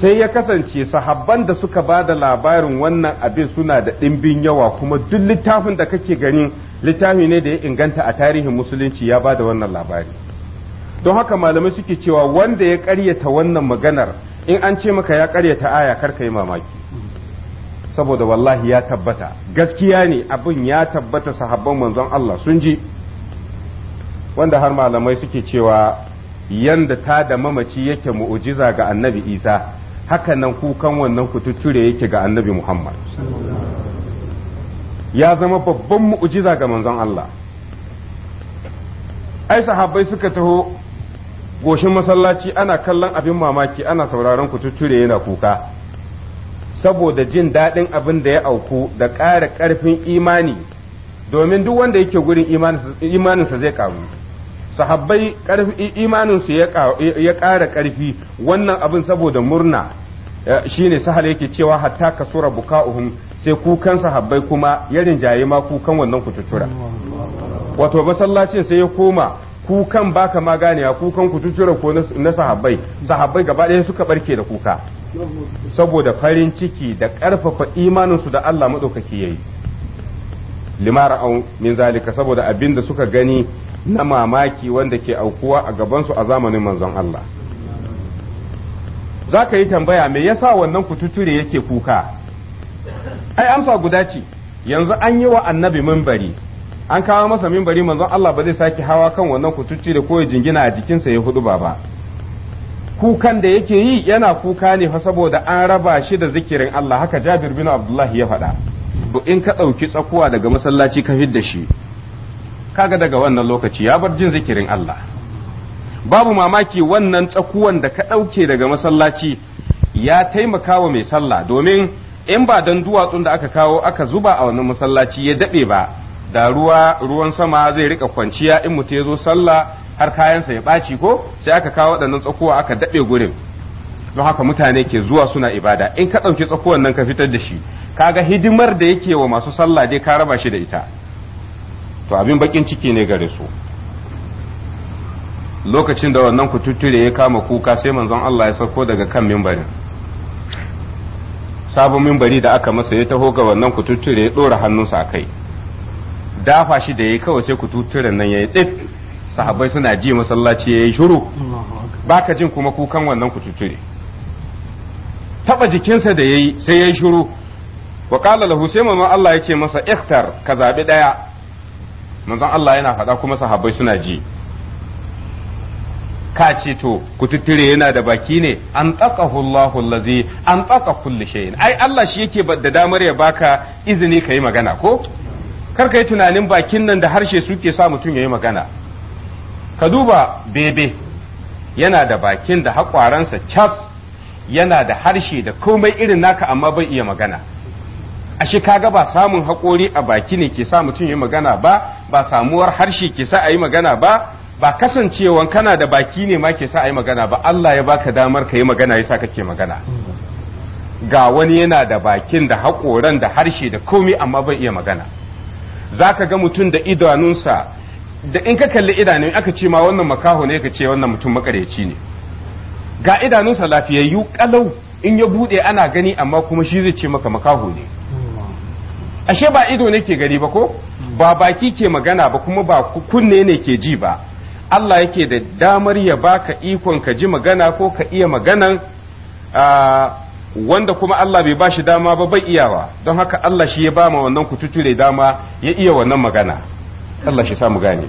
sai ya kasance sahabban da suka ba da labarin wannan abin suna da ɗimbin yawa kuma duk littafin da kake ganin littafi ne da ya inganta a tarihin musulunci ya ba da wannan labari don haka malamai suke cewa wanda ya karyata wannan maganar in an ce maka ya karyata aya karka yi mamaki saboda wallahi ya tabbata gaskiya ne abin ya tabbata sahabban manzon Allah sun ji wanda har malamai suke cewa yanda ta da mamaci yake mu'ujiza ga annabi Isa haka nan kukan wannan kututture yake ga annabi Muhammad ya zama babban mu'jiza ga manzon Allah ai sahabbai suka taho goshin masallaci ana kallon abin mamaki ana sauraron kututture yana kuka saboda jin daɗin abin da ya auku da ƙara ƙarfin imani domin duk wanda yake gurin imaninsa zai ƙaru sahabbai imaninsu ya ƙara ƙarfi wannan abin saboda murna Eh, shine sahal yake cewa hatta ka kasura buka'uhum sai kukan sahabbai kuma ya rinjaye ma kukan wannan kututtura wato masallacin sai ya koma kukan baka ma kukan kututtura ko na sahabbai sahabbai gaba ɗaya suka barke da kuka saboda farin ciki da ƙarfafa imaninsu da Allah maɗaukaki yi limara au min zalika saboda abin da suka gani na mamaki wanda ke aukuwa a gabansu a zamanin manzon Allah za ka yi tambaya me yasa wannan kututture yake kuka ai amsa guda ce yanzu an yi wa annabi mimbari an kawo masa mimbari manzon Allah ba zai sake hawa kan wannan kututure ko ya jingina a jikinsa ya hudu ba ba kukan da yake yi yana kuka ne fa saboda an raba shi da zikirin Allah haka Jabir bin Abdullah ya faɗa in ka ɗauki tsakuwa daga masallaci ka fidda shi kaga daga wannan lokaci ya bar jin zikirin Allah babu mamaki wannan tsakuwan da ka ɗauke daga masallaci ya taimaka wa mai sallah domin in ba don duwatsun da aka kawo aka zuba a wannan masallaci ya daɗe ba da ruwa ruwan sama zai rika kwanciya in mutu ya zo sallah har kayansa ya ɓaci ko sai aka kawo waɗannan tsakuwa aka daɗe gurin don haka mutane ke zuwa suna ibada in ka ɗauki tsakuwan nan ka fitar da shi kaga hidimar da yake wa masu sallah dai ka raba shi da ita to abin bakin ciki ne gare su lokacin da wannan kututture ya kama kuka sai manzon Allah ya sauko daga kan mimbarin sabon mimbari da aka masa ya taho ga wannan kututture ya ɗora hannunsa a kai dafa shi da ya kawai sai kututuren nan ya yi tsit sahabbai suna ji masallaci ya yi shuru baka jin kuma kukan wannan kututture taba jikinsa da ya yi sai ya yi shuru wa kala lahu sai manzon Allah ya ce masa ikhtar ka zabi daya manzon Allah yana faɗa kuma sahabbai suna ji ka ce to tuttire yana da baki ne an tsakahu Allahu allazi an tsaka kulli shay'in ai Allah shi yake da damar ya baka izini ka yi magana ko kar ka yi tunanin bakin nan da harshe suke sa mutum ya yi magana ka duba bebe yana da bakin da haƙwaransa cas yana da harshe da komai irin naka amma bai iya magana ashe kaga ba samun haƙori a baki ne ke sa mutum ya yi magana ba ba samuwar harshe ke sa a yi magana ba ba kasancewan kana da baki ne ma ke sa a yi magana ba Allah ya baka damar ka yi magana yasa kake magana ga wani yana da bakin da haƙoran da harshe da komi amma bai iya magana za ka ga mutum da idanunsa da in ka kalli idanun aka ce ma wannan makaho ne ka ce wannan mutum makareci ne ga idanunsa lafiyayyu kalau in ya buɗe ana gani amma kuma shi zai ce maka makaho ne ashe ba ido ne ke gani ba ko ba baki ke magana ba kuma ba kunne ne ke ji ba Allah yake da damar ya baka ikon ka ji magana ko ka iya maganan wanda kuma Allah bai ba shi dama ba bai iyawa don haka Allah shi ya ba ma wannan kututure dama ya iya wannan magana Allah shi samu gane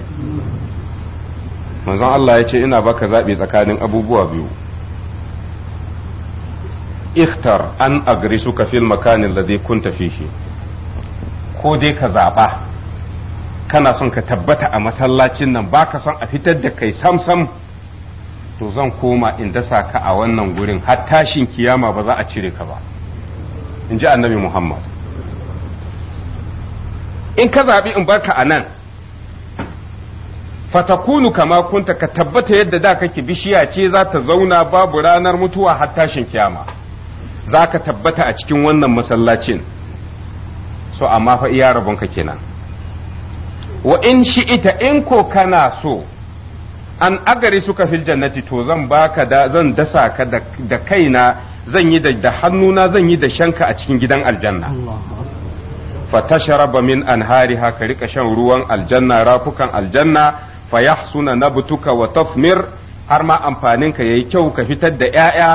manzon Allah ya ce ina baka zaɓi tsakanin abubuwa biyu ikhtar an suka fil makanin ladhi kunta shi. ko dai ka zaɓa kana son ka tabbata a masallacin nan baka son a fitar da kai samsam to zan koma in dasa ka a wannan gurin har tashin kiyama ba za a cire ka ba in ji annabi muhammad in ka zaɓi in barka a nan fatakunu kama kunta ka tabbata yadda da kake bishiya ce za ta zauna babu ranar mutuwa har tashin kiyama za ka tabbata a cikin wannan masallacin so amma fa iya rabonka kenan wa in shi ita in ko kana so an agari suka fil jannati to zan baka da zan dasa ka da kaina zan yi da hannuna zan yi da shanka a cikin gidan aljanna Fa tashraba min anhariha ka rika shan ruwan aljanna rafukan aljanna fayahsuna nabtuka wa tafmir har ma amfanin ka yayi kyau ka fitar da 'ya'ya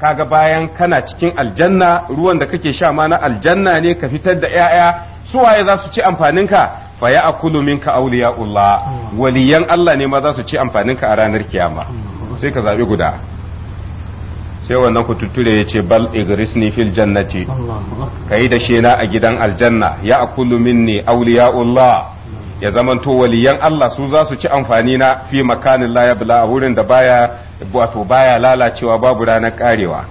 kaga bayan kana cikin aljanna ruwan da kake sha ma na aljanna ne ka fitar da 'ya'ya suwaye za su ci amfaninka fa ya akulu minka awliyaullah hmm. waliyan Allah ne ma za su ci amfaninka a ranar kiyama hmm. sai ka zabi guda sai wannan kututture ya ce bal igrisni fil jannati kai da shena a gidan aljanna ya akulu minni awliyaullah hmm. ya zamanto waliyan Allah su za su ci amfani na fi makanin la yabla a wurin da baya wato baya lalacewa babu ranar karewa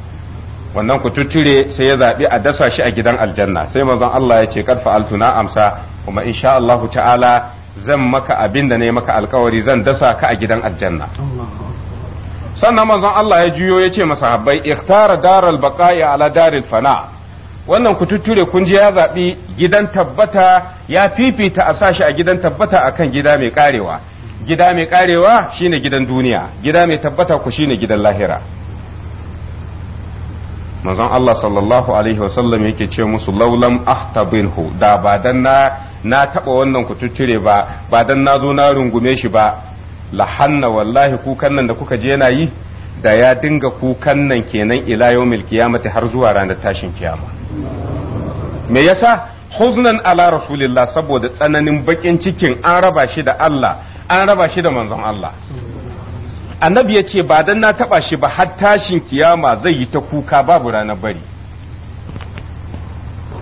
wannan kututture sai ya zaɓi a dasa shi a gidan aljanna sai manzon Allah ya ce kad fa'altu na amsa kuma insha Allah ta'ala zan maka abin da ne maka alkawari zan dasa ka a gidan aljanna sannan manzon Allah ya juyo ya ce masahabbai ikhtara daral baqa'i ala daril fana wannan kututture kun ji ya zaɓi gidan tabbata ya fifita a sa shi a gidan tabbata akan gida mai karewa gida mai karewa shine gidan duniya gida mai tabbata ku shine gidan lahira manzon Allah sallallahu alaihi wasallam yake ce musu laulam ahtabirhu da ba dan na na taba wannan kututture ba ba dan na zo na rungume shi ba lahanna wallahi kukan nan da kuka je yana yi da ya dinga kukan nan kenan ila yawmil qiyamati har zuwa ranar tashin kiyama me yasa huznan ala rasulillah saboda tsananin bakin cikin an raba shi da Allah an raba shi da manzon Allah annabi ya ce ba dan na taba shi ba har tashin kiyama zai yi ta kuka babu ranar bari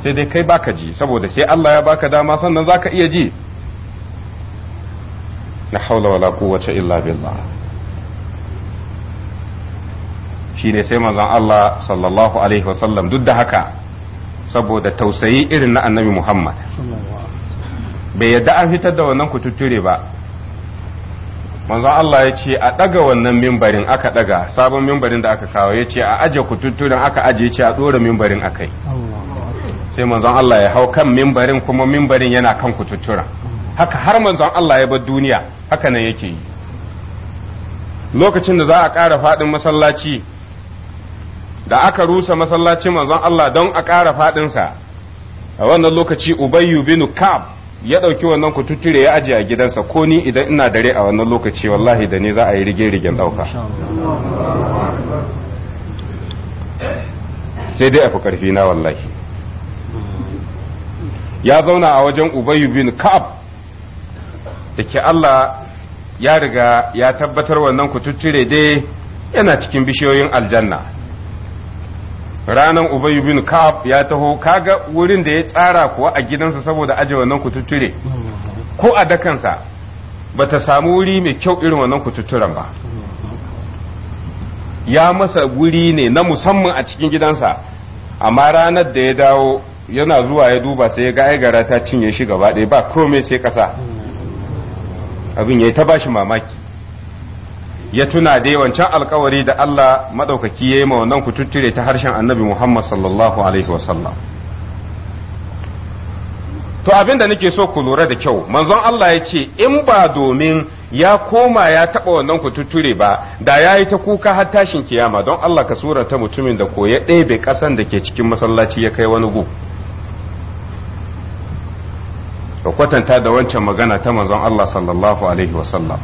sai dai kai baka ji saboda sai Allah ya baka dama sannan zaka iya ji la haula wala quwwata illa billah shine sai manzon Allah sallallahu alaihi wasallam duk da haka saboda tausayi irin na annabi Muhammad bai yadda an fitar da wannan kututture ba manzon Allah ya ce a ɗaga wannan mimbarin aka ɗaga sabon mimbarin da aka kawo ya ce a aje kututturen aka aje ce a ɗora mimbarin akai sai manzon Allah ya hau kan mimbarin kuma mimbarin yana kan kututtura haka har manzon Allah ya bar duniya haka nan yake yi lokacin da za a ƙara faɗin masallaci da aka rusa masallaci manzon Allah don a ƙara faɗinsa a wannan lokaci ubayyu binu kab ya ɗauki wannan kututture ya ajiye a gidansa ko ni idan ina dare a wannan lokaci wallahi da ne za a yi rige-rigen ɗauka sai dai a fi ƙarfi na wallahi ya zauna a wajen ubayu bin ka'ab da ke Allah ya riga ya tabbatar wannan kututture dai yana cikin bishiyoyin aljanna ranan ubay bin kaf ya taho kaga wurin da ya tsara kuwa a gidansa saboda aje wannan kututture ko a dakansa ba ta samu wuri mai kyau irin wannan kututturen ba ya masa wuri ne na musamman a cikin gidansa amma ranar da ya dawo yana zuwa ya duba sai ya ga aigara ta cinye shi gaba ɗaya ba komai sai kasa abin ya ta bashi mamaki ya tuna dai wancan alkawari da Allah madaukaki ya yi ma wannan ku kututture ta harshen annabi Muhammad sallallahu alaihi wasallam to abin da nake so ku lura da kyau manzon Allah ya ce in ba domin ya koma ya taɓa wannan ku tuture ba da ya yi ta kuka har tashin kiyama don Allah ka sura ta mutumin da koya ɗebe ƙasan da ke cikin masallaci ya kai wani gu ka kwatanta da wancan magana ta manzon Allah sallallahu alaihi wasallam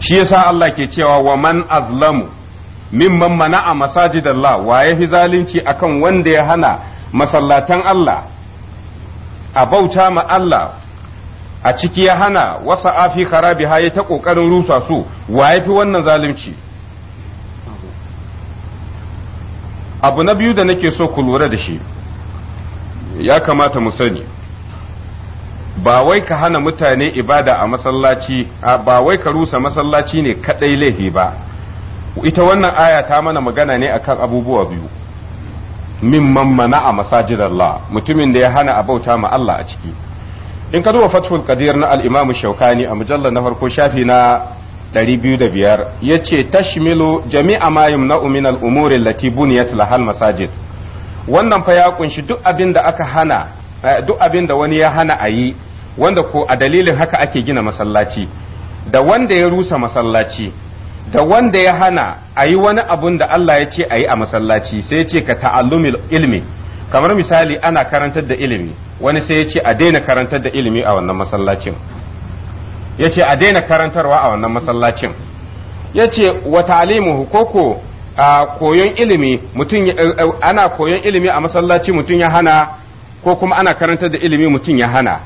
shi yasa Allah ke cewa wa man azlamu mimman a masajidallah wa ya fi zalunci akan wanda ya hana masallatan Allah a bauta ma Allah a ciki ya hana wasa afi kharabi ya ta kokarin rusa su wa ya fi wannan zalunci abu na biyu da nake so ku lura da shi ya kamata mu sani ba wai ka hana mutane ibada a masallaci ba wai ka rusa masallaci ne kadai laifi ba ita wannan aya ta mana magana ne akan abubuwa biyu min mamana a masajid Allah mutumin da ya hana a bauta ma Allah a ciki in ka duba fatful qadir na al-imam shaukani a mujallar na farko shafi na 205 yace tashmilu jami'a ma yumna'u min al-umuri allati buniyat al masajid wannan fa ya kunshi duk abin da aka hana eh, duk abin da wani ya hana a yi wanda ko a dalilin haka ake gina masallaci da wanda ya rusa masallaci da wanda ya hana a yi wani abun da Allah ya ce a yi a masallaci sai ya ce ka ta'allumi ilmi kamar misali ana karantar da ilimi wani sai ya ce a daina karantar da ilimi a wannan masallacin ya ce a daina karantarwa a wannan masallacin ya ce wa ta'alimu koko a koyon ilimi mutum eh, eh, ana koyon ilimi a masallaci mutum ya hana ko kuma ana karantar da ilimi mutum ya hana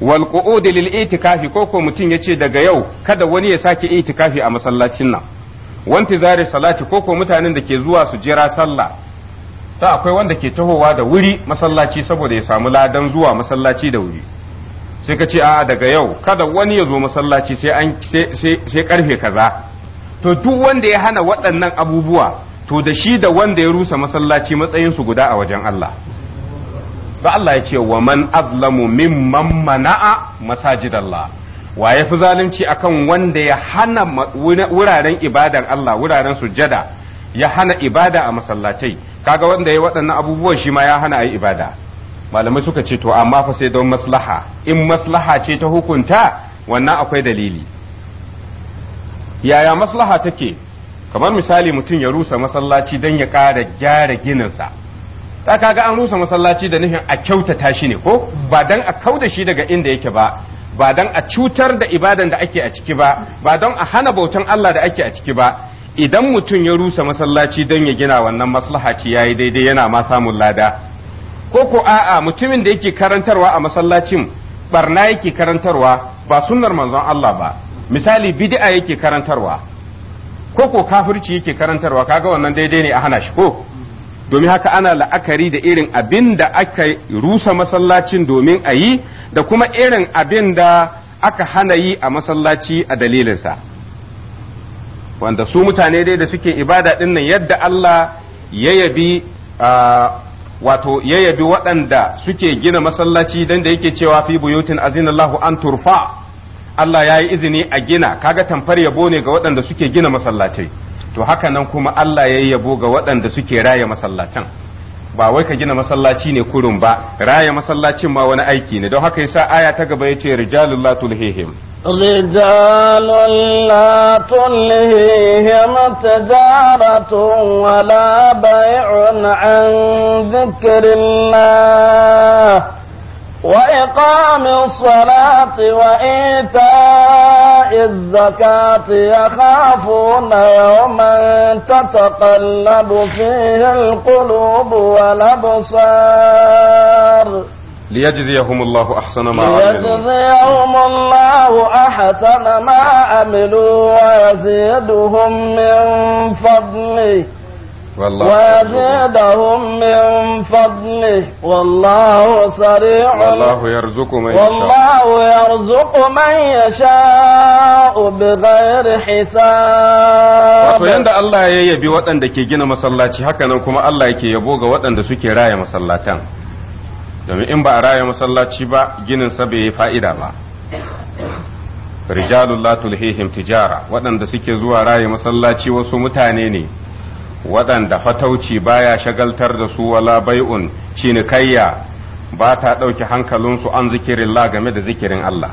wal qu'udi lil itikafi ko ko mutum yace daga yau kada wani ya sake itikafi a masallacin nan wantizari salati ko ko mutanen da ke zuwa su jira sallah ta akwai wanda ke tahowa da wuri masallaci saboda ya samu ladan zuwa masallaci da wuri sai ka ce a daga yau kada wani ya zo masallaci sai an sai karfe kaza to duk wanda ya hana waɗannan abubuwa to da shi da wanda ya rusa masallaci matsayin su guda a wajen Allah da Allah ya ce wa man azlamu mimman mana'a masajidallah wa ya fi zalunci akan wanda ya hana wuraren ibadan Allah wuraren sujada ya hana ibada a masallatai kaga wanda ya waɗannan abubuwan shi ma ya hana a yi ibada malamai suka ce to amma fa sai don maslaha in maslaha ce ta hukunta wannan akwai dalili yaya maslaha take kamar misali mutum ya rusa masallaci don ya ƙara gyara ginin sa. ta kaga an rusa masallaci da nufin a kyautata shi ne ko ba dan a kauda shi daga inda yake ba ba dan a cutar da ibadan da ake a ciki ba ba dan a hana bautan Allah da ake a ciki ba idan mutum ya rusa masallaci don ya gina wannan maslaha yayi daidai yana ma samun lada ko ko a'a mutumin da yake karantarwa a masallacin barna yake karantarwa ba sunnar manzon Allah ba misali bid'a yake karantarwa ko ko kafirci yake karantarwa kaga wannan daidai ne a hana shi ko domin haka ana la'akari da irin abin da aka rusa masallacin domin a yi da kuma irin abin da aka hana yi a masallaci a dalilinsa wanda su mutane dai da suke ibada ɗin nan yadda Allah ya yabi wato ya yabi waɗanda suke gina masallaci dan da yake cewa fi buyutin azinallahu an turfa Allah ya yi izini a gina kaga tamfar yabo ne ga waɗanda suke gina masallatai to haka nan kuma Allah ya yabo ga waɗanda suke raya masallatan ba wai ka gina masallaci ne kurun ba raya masallacin ma wani aiki ne don haka yasa aya ta gaba yace rijalul la tulhihim rijalul la wala bai'un an dhikrillah وإقام الصلاة وإيتاء الزكاة يخافون يوما تتقلب فيه القلوب والأبصار ليجزيهم الله أحسن ما عملوا ليجزيهم الله أحسن ما عملوا ويزيدهم من فضله ويزيدهم من فضله والله سريع والله يرزق من يشاء والله يرزق من يشاء بغير حساب wato yanda Allah ya yabi waɗanda ke gina masallaci hakanan kuma Allah yake yabo ga waɗanda suke raya masallatan domin in ba a raya masallaci ba ginin sa bai fa'ida ba rijalul la tijara waɗanda suke zuwa raya masallaci wasu mutane ne waɗanda fatauci baya shagaltar da su wala bai'un cinikayya ba ta ɗauki hankalinsu an zikirin la game da zikirin Allah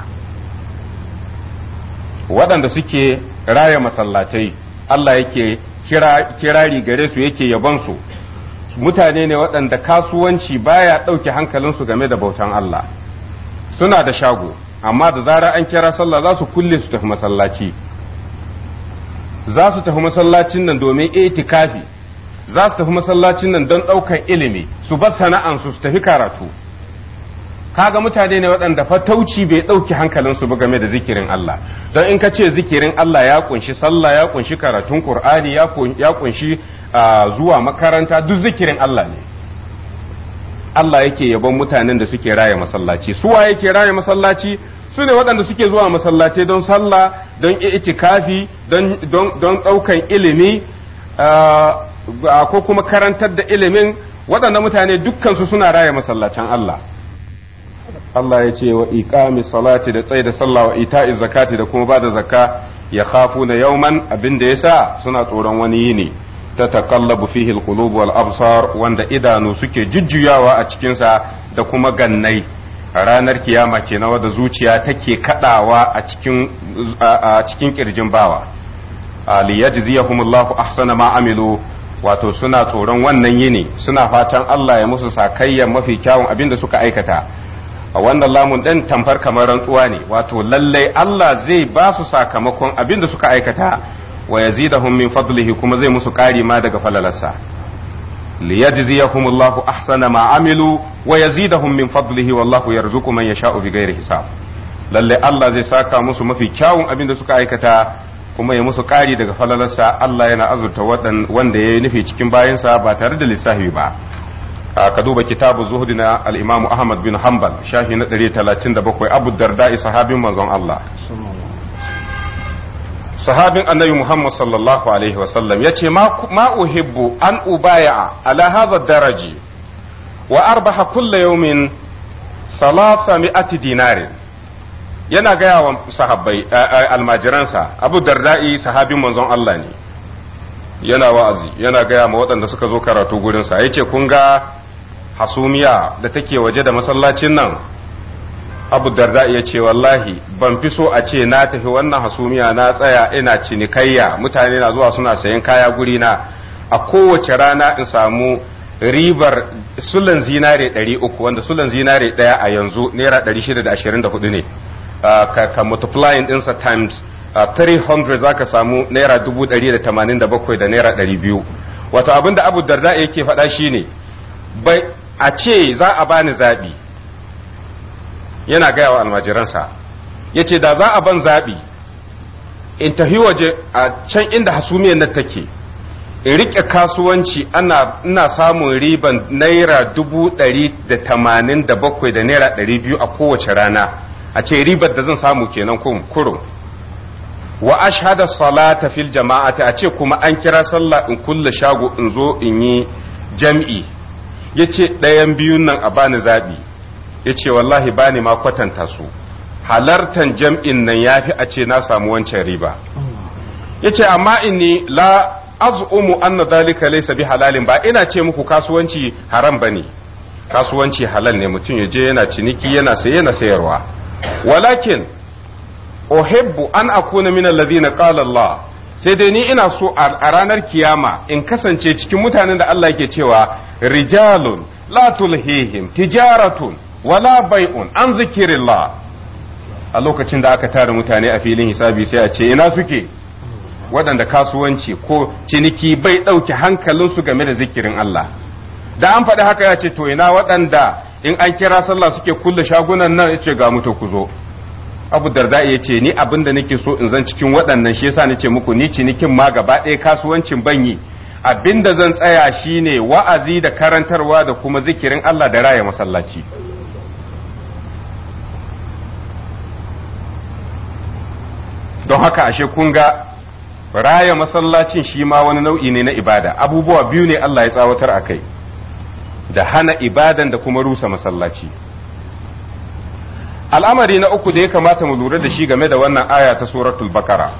waɗanda suke raya masallatai Allah yake kirari gare su yake yabonsu mutane ne waɗanda kasuwanci baya ɗauki hankalinsu game da bautan Allah suna da shago amma da zara an kira sallah za su kulle su tafi masallaci za su tafi masallacin nan domin itikafi za su tafi masallacin nan don ɗaukar ilimi su bar sana'ansu su tafi karatu kaga mutane ne waɗanda fatauci bai ɗauki su ba game da zikirin Allah don in ka ce zikirin Allah ya kunshi sallah ya kunshi karatun Qur'ani ya kunshi zuwa makaranta duk zikirin Allah ne Allah yake yabon mutanen da suke raya masallaci suwa yake raye masallaci su ne waɗanda suke zuwa masallace don sallah don itikafi don ɗaukan ilimi ah, ah, ko kuma karantar da ilimin waɗanda mutane dukkansu suna raya masallacin Allah Allah ya ce wa iqami salati da tsaye da sallah wa ita'i zakati da kuma ba da zakka ya khafu na yauman abin da ya sa suna tsoron wani ne ta taqallabu fihi wal absar wanda idanu suke jujjuyawa a cikinsa da kuma gannai ranar kiyama ke nawa wadda zuciya take kadawa a cikin a kirjin bawa liyajziyahumullahu ahsana ma amilu wato suna tsoron wannan yini suna fatan Allah ya musu sakayya mafi kyawun abin da suka aikata a wannan lamun ɗin tamfar kamar rantsuwa ne wato lallai Allah zai ba su sakamakon abin da suka aikata wa yazidahum min fadlihi kuma zai musu ƙari ma daga falalarsa liyajziyahum Allahu ahsana ma amilu wa yazidahum min fadlihi wallahu yarzuqu man ubi bighairi hisab lalle Allah zai saka musu mafi kyawun abin da suka aikata kuma ya musu ƙari daga falalarsa Allah yana azurta wanda ya yi nufi cikin bayansa ba tare da lissafi ba ka duba kitabu zuhudi na al Ahmad bin Hanbal shafi na 137 Abu Darda sahabin manzon Allah sahabin annabi Muhammad sallallahu alaihi wasallam ya ce ma uhibbu an ubaya ala hadha daraji wa arbaha kulla yawmin salasa mi'ati dinarin yana gaya wa sahabbai almajiransa abu darda'i sahabin manzon Allah ne yana wa'azi yana gaya ma waɗanda suka zo karatu gurinsa ya ce kun ga hasumiya da take waje da masallacin nan abu darda ya ce wallahi ban fi so a ce na tafi wannan hasumiya na tsaya ina cinikayya mutane na zuwa suna sayan kaya guri na a kowace rana in samu ribar sulan zinare 300 wanda sulan zinare daya a yanzu naira 624 ne ka multiplying insa times 300 zaka samu naira 187 da naira 200 wato abinda abu darda yake faɗa shine bai a ce za a bani zaɓi yana gaya wa almajiransa yace da za a ban zaɓi in tafi waje a can inda hasumiyar nan take in riƙe kasuwanci ana ina samun riban naira dubu ɗari da tamanin da bakwai da naira ɗari biyu a kowace rana a ce ribar da zan samu kenan kun kuro wa ashhada salata fil jama'ati a ce kuma an kira sallah in kulle shago in zo in yi jam'i yace ɗayan biyun nan a bani zaɓi ya ce wallahi ba ni ma kwatanta su halartan jam'in nan ya fi a ce na samu wancan riba ya ce amma inni la az'umu anna zalika laysa bi halalin ba ina ce muku kasuwanci haram bane kasuwanci halal ne mutum ya je yana ciniki yana saye yana sayarwa walakin uhibbu an akuna min alladhina qala Allah sai dai ni ina so a ranar kiyama in kasance cikin mutanen da Allah ke cewa rijalun la tulhihim tijaratun wala bai'un an zikirillah a lokacin da aka tara mutane a filin hisabi sai a ce ina suke waɗanda kasuwanci ko ciniki bai ɗauke hankalinsu game da zikirin Allah da an faɗi haka ya ce to ina waɗanda in an kira sallah suke kulle shagunan nan ya ce ga mutu ku zo abu darda ya ce ni abin da nake so in zan cikin waɗannan shi yasa ce muku ni cinikin ma gaba ɗaya kasuwancin banyi abin da zan tsaya shine wa'azi da karantarwa da kuma zikirin Allah da raya masallaci don haka ashe kun ga raya masallacin shi ma wani nau'i ne na ibada abubuwa biyu ne Allah ya tsawatar a kai da hana ibadan da kuma rusa masallaci al'amari na uku da ya kamata mu lura da shi game da wannan aya ta suratul bakara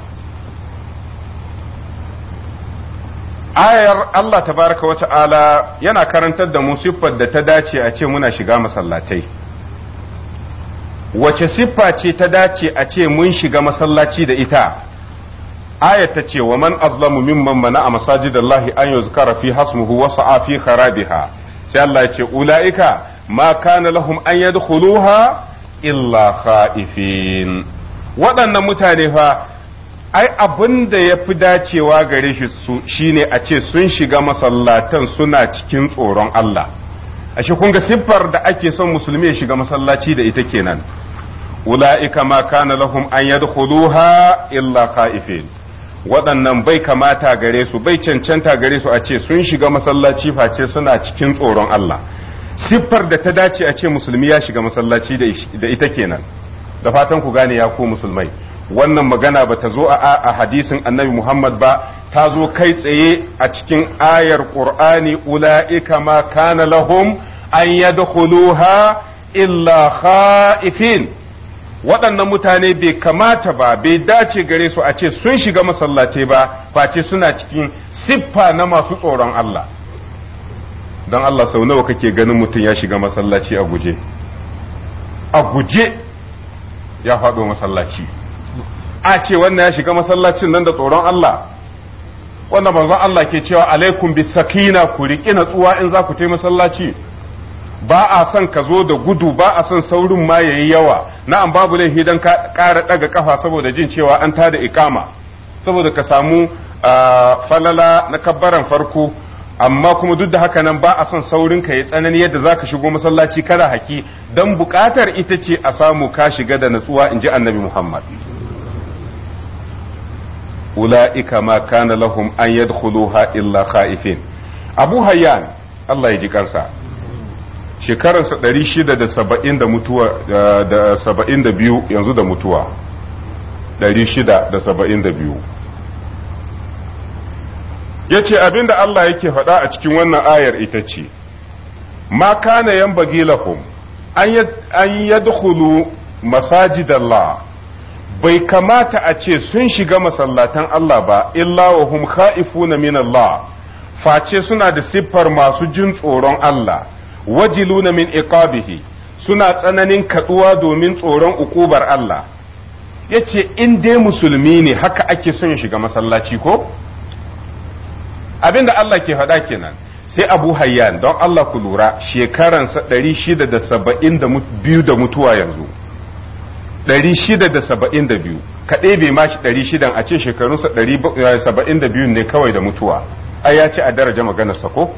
ayar Allah Ta baraka wa ta'ala yana karantar da mu siffar da ta dace a ce muna shiga masallatai wace siffa ce ta dace a ce mun shiga masallaci da ita ayat ta ce wa man azlamu mimman mana a masajidallahi an yuzkara fi hasmuhu wasu sa'a fi kharabiha sai Allah ya ce ulaika ma kana lahum an yadkhuluha illa khaifin waɗannan mutane fa ai abin da ya fi dacewa gare shi shine a ce sun shiga masallatan suna cikin tsoron Allah ashe kun ga siffar da ake son musulmi ya shiga masallaci da ita kenan ula'ika ma kana lahum an yadkhuluha illa khaifin waɗannan bai kamata gare su bai cancanta gare su a ce sun shiga masallaci face suna cikin tsoron Allah siffar da ta dace a ce musulmi ya shiga masallaci da ita kenan da fatan ku gane ya ku musulmai wannan magana ba ta zo a hadisin annabi Muhammad ba ta zo kai tsaye a cikin ayar ƙur'ani ula'ika ma kana lahum an yadkhuluha illa kha'ifin waɗannan mutane bai kamata ba bai dace gare su a ce sun shiga masallace ba face suna cikin siffa na masu tsoron Allah don Allah sau nawa kake ganin mutum ya shiga masallaci a guje a guje ya faɗo masallaci a ce wannan ya shiga masallacin nan da tsoron Allah wannan manzon Allah ke cewa alaikum bisakina sakina ku riƙi natsuwa in za ku tai masallaci ba a son ka zo da gudu ba a son saurin ma yayi yawa na'am babu laifi dan ka ƙara ɗaga kafa saboda jin cewa an tada ikama saboda ka samu falala na kabbaran farko amma kuma duk da haka nan ba a son saurin ka yi tsanani yadda za ka shigo masallaci kada haki don buƙatar ita ce a samu ka shiga da natsuwa in ji annabi muhammad ula'ika ma kana lahum an yadkhuluha illa khaifin abu hayyan Allah ya ji kansa ɗari shida da saba'in da mutuwa da saba'in da biyu yanzu da mutuwa Ɗari shida da da saba'in biyu. 672 yace abinda Allah yake faɗa a cikin wannan ayar ita ce ma kana yanbaghi lahum an yadkhulu masajidallah bai kamata a ce sun shiga masallatan Allah ba illa wa hum kha'ifuna min Allah face suna da siffar masu jin tsoron Allah wajiluna min iqabihi suna tsananin kaduwa domin tsoron ukubar Allah yace in dai musulmi ne haka ake son shiga masallaci ko abinda Allah ke faɗa kenan sai Abu Hayyan don Allah ku lura shekaransa 672 da mutuwa yanzu 672 kaɗai bai ma shi 600 a ce shekarunsa 72 eh, ne kawai da mutuwa a ya ce a daraja maganarsa ko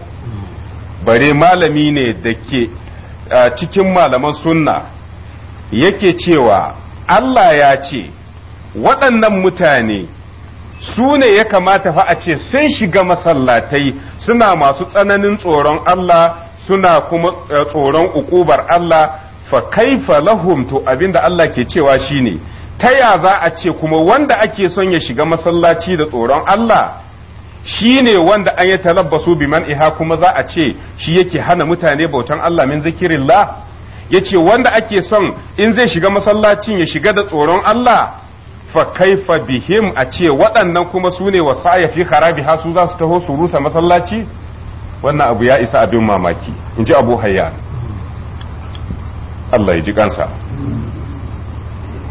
bare malami ne da ke cikin malaman sunna yake cewa Allah ya ce waɗannan mutane su ne ya kamata fa a ce sun shiga masallatai suna masu tsananin tsoron Allah suna kuma eh, tsoron ukubar Allah fa kaifa lahum to abinda Allah ke cewa shine ta ya za a ce kuma wanda ake son ya shiga masallaci da tsoron Allah shine wanda an ya talabbasu biman iha kuma za a ce shi yake hana mutane bautan Allah min zikirillah yace wanda ake son in zai shiga masallacin ya shiga da tsoron Allah fa kaifa bihim a ce waɗannan kuma su ne wasa fi harabi su za taho su rusa masallaci wannan abu ya isa abin mamaki in ji abu hayyan Allah ya ji kansa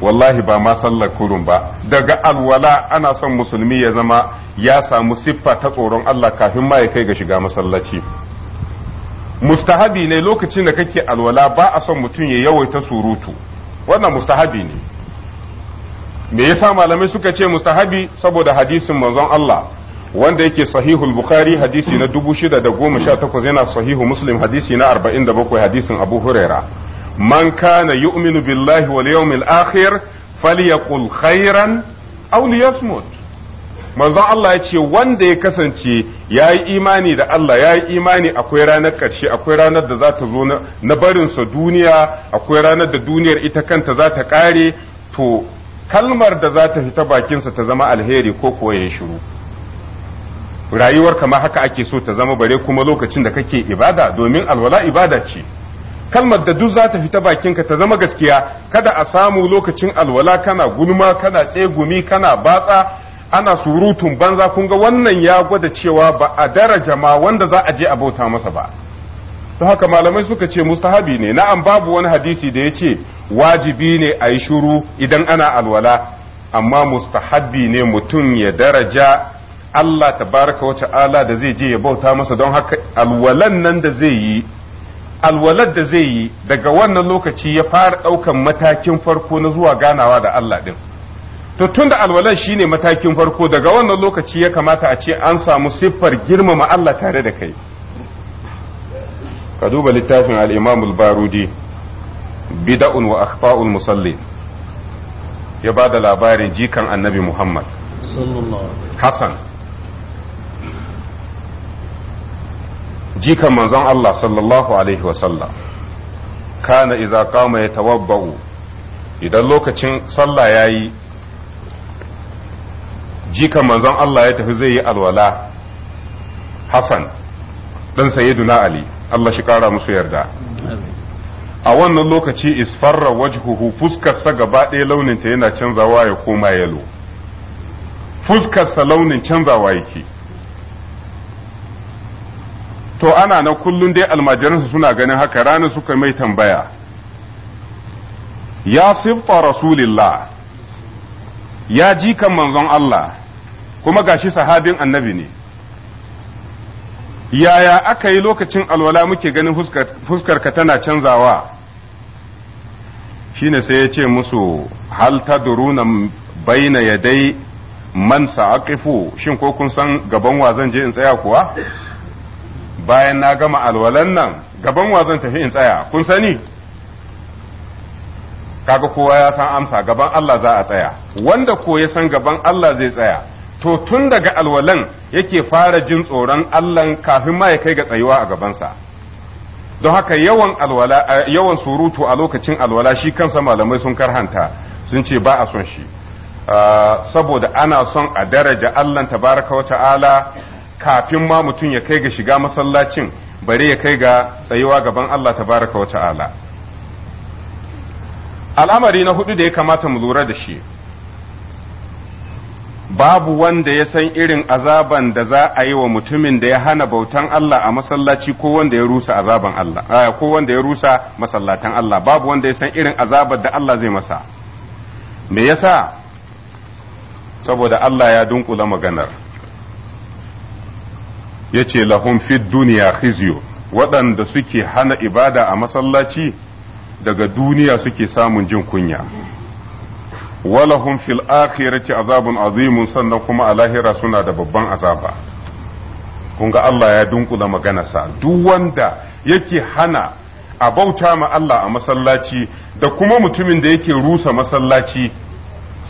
wallahi ba ma sallar kurun ba daga alwala ana son musulmi ya zama ya samu siffa ta tsoron Allah kafin ma ya kai ga shiga masallaci mustahabi ne lokacin da kake alwala ba a son mutum ya yawaita surutu wannan mustahabi ne me yasa malamai suka ce mustahabi saboda hadisin manzon Allah wanda yake sahihul bukhari hadisi na 6018 yana sahihu muslim hadisi na 47 hadisin abu huraira man kana yu'minu billahi wal yawmil akhir falyaqul khairan aw liyasmut manzo Allah ya ce wanda ya kasance ya yi imani da Allah ya yi imani akwai ranar ƙarshe akwai ranar da za ta zo na barinsa duniya akwai ranar da duniyar ita kanta za ta ƙare to kalmar da za ta fita bakinsa ta zama alheri ko kuwa ya shiru rayuwar kama haka ake so ta zama bare kuma lokacin da kake ibada domin alwala ibada ce kalmar da duk za ta fita bakinka ta zama gaskiya kada a samu lokacin alwala kana gulma kana tsegumi kana batsa ana surutun banza kun ga wannan ya gwada cewa ba a daraja ma wanda za a je a bauta masa ba don haka malamai suka ce mustahabi ne na'am babu wani hadisi da ya ce wajibi ne a yi shuru idan ana alwala amma mustahabi ne mutum ya daraja Allah Ta baraka wace ala da zai je ya bauta masa don haka alwalan nan da zai yi alwalar da zai yi daga wannan lokaci ya fara ɗaukan matakin farko na zuwa ganawa da Allah ɗin. To tunda da shine shi ne matakin farko daga wannan lokaci ya kamata a ce an samu siffar girmama Allah tare da kai. Ka duba littafin al'imamul barudi bida'un wa akhta'ul musalli ya ba da labarin jikan annabi Muhammad. Hassan jikan manzon Allah sallallahu alaihi wasallam kana iza kama ya tawabba'u idan lokacin sallah ya yi jikan manzon Allah ya tafi zai yi alwala Hassan ɗan sayyiduna Ali Allah shi kara musu yarda a wannan lokaci isfarra wajhuhu fuskarsa gaba ɗaya launinta yana canzawa ya koma yalo fuskarsa launin canzawa yake to ana na kullum dai almajiransa suna ganin haka ranar suka mai tambaya ya siffa rasulillah ya kan manzon Allah kuma gashi sahabin annabi ne yaya aka yi lokacin alwala muke ganin fuskarka tana canzawa shine sai ya ce musu hal tadruna baina yadai man sa'aqifu shin ko kun san gaban wa zan je in tsaya kuwa bayan na gama alwalan nan gaban wa zan tafi in tsaya kun sani kaga kowa ya san amsa gaban Allah za a tsaya wanda ko ya san gaban Allah zai tsaya to tun daga alwalan yake fara jin tsoron Allah kafin ma ya kai ga tsayuwa a gabansa don haka yawan alwala eh, yawan surutu a lokacin alwala shi kansa malamai sun karhanta sun ce ba a son shi ah, saboda ana son a daraja Allah tabaraka wa ta'ala kafin ma mutum ya kai ga shiga masallacin bare ya kai ga tsayuwa gaban Allah tabaraka wa ta'ala al'amari na hudu da ya kamata mu lura da shi babu wanda ya san irin azaban da za a yi wa mutumin da ya hana bautan Allah a masallaci ko wanda ya rusa azaban Allah ko wanda ya rusa masallatan Allah babu wanda ya san irin azabar da Allah zai masa me yasa saboda Allah ya dunkula maganar ya ce lahum fi duniya khizyu waɗanda suke hana ibada a masallaci daga duniya suke samun jin kunya walahum fil akhirati azabun azimun sannan kuma a lahira suna da babban azaba kun ga Allah ya dunkula maganarsa duk wanda yake hana a bauta ma Allah a masallaci da kuma mutumin da yake rusa masallaci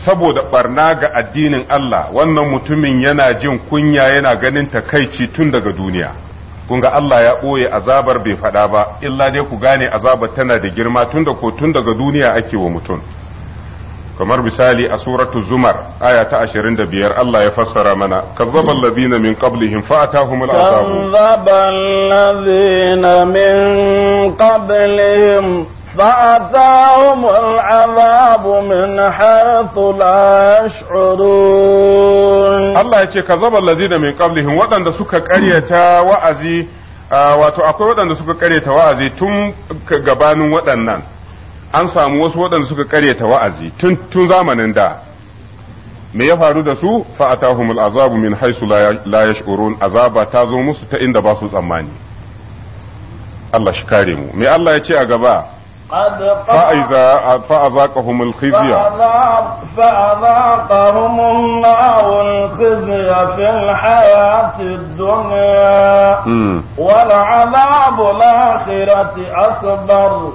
saboda barna ga addinin Allah wannan mutumin yana jin kunya yana ganin takaici tun daga duniya kun ga Allah ya ɓoye azabar bai faɗa ba illa dai ku gane azabar tana da girma tun da ko tun daga duniya ake wa mutum kamar misali a suratu zumar aya ta 25 Allah ya fassara mana kazzaba allazina min qablihim fa atahum al-azab kazzaba allazina min qablihim فأتاهم العذاب من حيث لا يشعرون الله يتي كذب الذين من قبلهم ودن دا سكا قرية وعزي wato akwai waɗanda suka ƙaryata wa'azi tun gabanin waɗannan an samu wasu waɗanda suka ƙaryata wa'azi tun zamanin da me ya faru da su fa'atahumul azabu min haisu la yash'urun azaba ta zo musu ta inda ba su tsammani Allah shi kare mu me Allah ya ce a gaba قد فإذا فأذاقهم الخزي فأذاقهم الله الخزي في الحياة الدنيا م. والعذاب الآخرة أكبر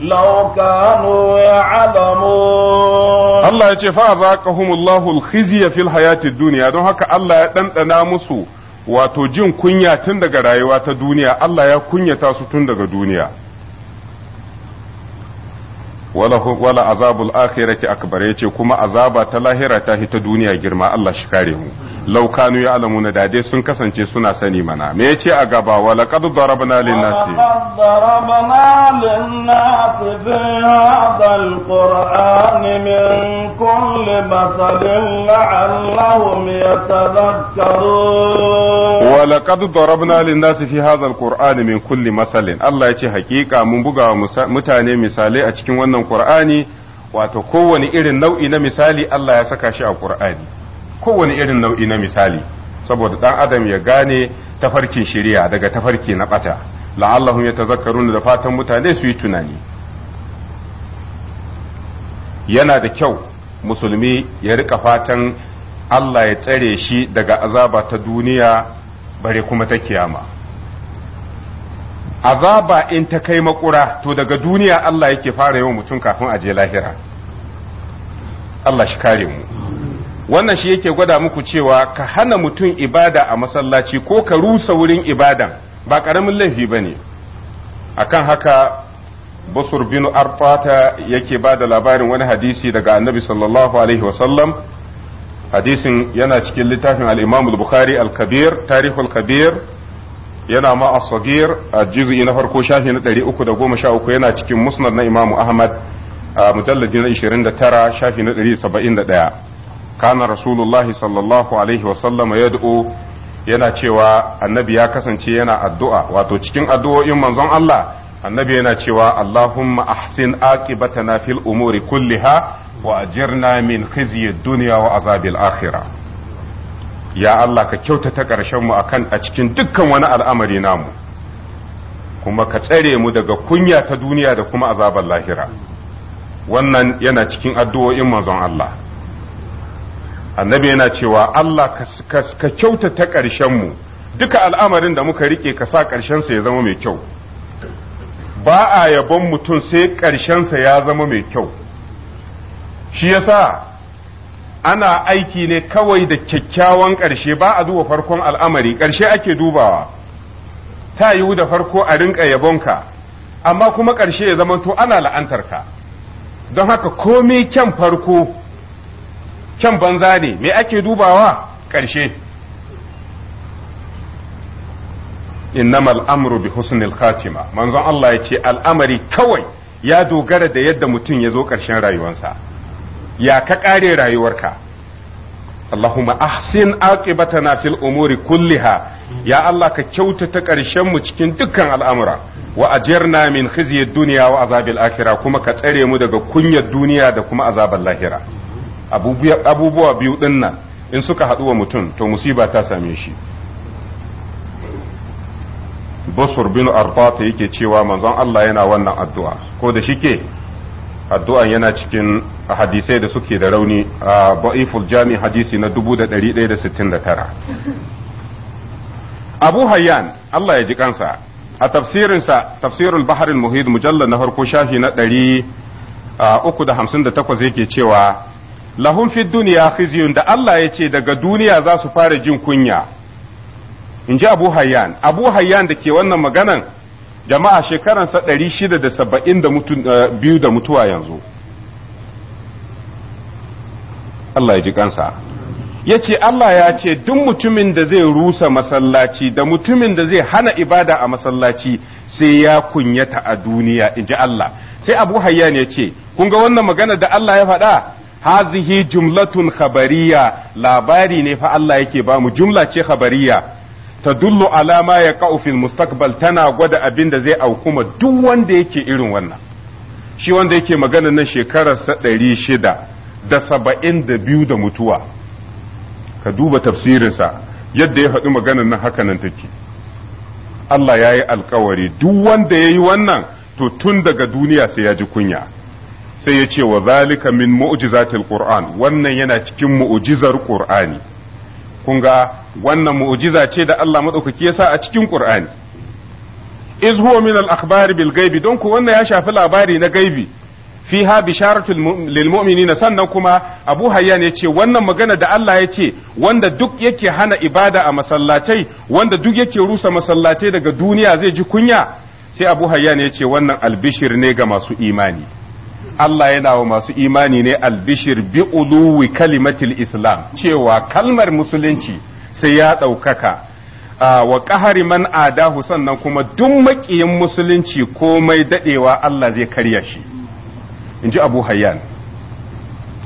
لو كانوا يعلمون الله يجي فأذاقهم الله الخزي في الحياة الدنيا دون هكا الله يتنتنا مسو wato jin kunya tun daga rayuwa ta duniya Allah ya kunyata su tun daga duniya wala azabul akhirati akbar yace kuma azaba ta lahira ta ta duniya girma Allah shi kare mu law kanu ya'lamuna da dai sun kasance suna sani mana me yace a gaba wala qad darabna lin nasi darabna lin nasi bi hadhal qur'an min kulli masalin la'allahum yatadhakkarun wala qad darabna lin nasi fi hadhal qur'an min kulli masalin Allah yace hakika mun buga mutane misalai a cikin wannan wannan Qur'ani wato kowane irin nau'i na misali Allah ya saka shi a Qur'ani kowane irin nau'i na misali saboda dan adam ya gane tafarkin shari'a daga tafarki na bata la'allahum yatazakkaruna da fatan mutane su yi tunani yana da kyau musulmi ya rika fatan Allah ya tsare shi daga azaba ta duniya bare kuma ta kiyama azaba in ta kai makura to daga duniya Allah yake fara yawan mutum kafin a je lahira Allah shi kare mu wannan shi yake gwada muku cewa ka hana mutum ibada a masallaci ko ka rusa wurin ibadan ba karamin laifi ba ne akan haka basur bin arfata yake ba da labarin wani hadisi daga annabi sallallahu alaihi wasallam hadisin yana cikin littafin al-imam bukhari al-kabir tarihul kabir yana ma a sagir a jizu'i na farko shafi na 313 yana cikin musnad na imamu ahmad a mujallaji na 29 shafi na 171 kana rasulullahi sallallahu alaihi wasallama yad'u yana cewa annabi ya kasance yana addu'a wato cikin addu'o'in manzon Allah annabi yana cewa Allahumma ahsin aqibatana fil umuri kulliha wa ajirna min khizyi duniya wa azabil akhira. ya Allah ka kyautata ƙarshenmu a kan a cikin dukkan wani al'amari namu kuma ka tsare mu daga kunya ta duniya da kuma azabar lahira wannan yana cikin addu'o'in manzon Allah annabi yana cewa Allah ka kyautata mu duka al'amarin da muka rike ka sa ƙarshensa ya zama mai kyau ba a yabon mutum sai ƙarshensa ya zama mai kyau shi yasa ana aiki ne kawai da kyakkyawan ƙarshe ba a duba farkon al'amari ƙarshe ake dubawa ta yiwu da farko a rinƙa yabonka amma kuma ƙarshe ya zama to ana la'antarka don haka komai kyan farko kyan banza ne me ake dubawa ƙarshe innamal amru bi husnil khatima manzon Allah ya ce al'amari kawai ya dogara da yadda mutum ya zo ƙarshen rayuwarsa ya ka ƙare rayuwarka Allahumma ahsin aqibatana fil umuri kulliha ya Allah ka kyautata ƙarshen mu cikin dukkan al'amura wa ajirna min khizyi dunya wa azabil akhirah kuma ka tsare mu daga kunyar duniya da kuma azabar lahira abubuwa biyu dinnan in suka haɗu wa mutum to musiba ta same shi Basur bin Arfata yake cewa manzon Allah yana wannan addu'a ko da shike addu'an yana cikin hadisai da suke da rauni a ba'iful jami hadisi na 1169 abu hayyan Allah ya ji kansa a tafsirinsa tafsirul Baharin muhid mujallar na farko shafi na 358 yake cewa lahun fi duniya khizyun da Allah ya ce daga duniya za su fara jin kunya in ji abu hayyan abu hayyan da ke wannan maganan jama'a shekaransa shida eh, da mutuwa yanzu Allah ya ji kansa ya ce Allah ya ce duk mutumin da zai rusa masallaci da mutumin da zai hana ibada a masallaci sai ya kunyata a duniya in ji Allah sai abu hayyan ya ce kun ga wannan magana da Allah ya faɗa hazihi jumlatun khabariya labari ne fa Allah yake ba mu jumla ce khabariya tadullu alama ya yaqa'u fil mustaqbal tana gwada abin da zai auku ma duk wanda yake irin wannan shi wanda yake magana nan sa ɗari shida da saba'in da biyu da mutuwa ka duba tafsirinsa yadda ya haɗu maganar nan haka nan take Allah ya yi alkawari duk wanda ya yi wannan to tun daga duniya sai ya ji kunya sai ya ce wa zalika min mu'jizatil qur'an wannan yana cikin mu'jizar qur'ani kun ga wannan mu'jiza ce da Allah madaukaki ya sa a cikin Qur'ani iz huwa min al-akhbari bil gaibi don ku wannan ya shafi labari na gaibi fiha bisharatul lil mu'minina sannan kuma Abu Hayyan ya ce wannan magana da Allah ya ce wanda duk yake hana ibada a masallatai wanda duk yake rusa masallatai daga duniya zai ji kunya sai Abu Hayyan ya ce wannan albishir ne ga masu imani Allah yana wa masu imani ne albishir bi uluwi kalimatil islam cewa kalmar musulunci sai ya ɗaukaka wa ƙahari man adahu sannan kuma duk maƙiyin musulunci komai daɗewa Allah zai karya shi in ji abu hayyan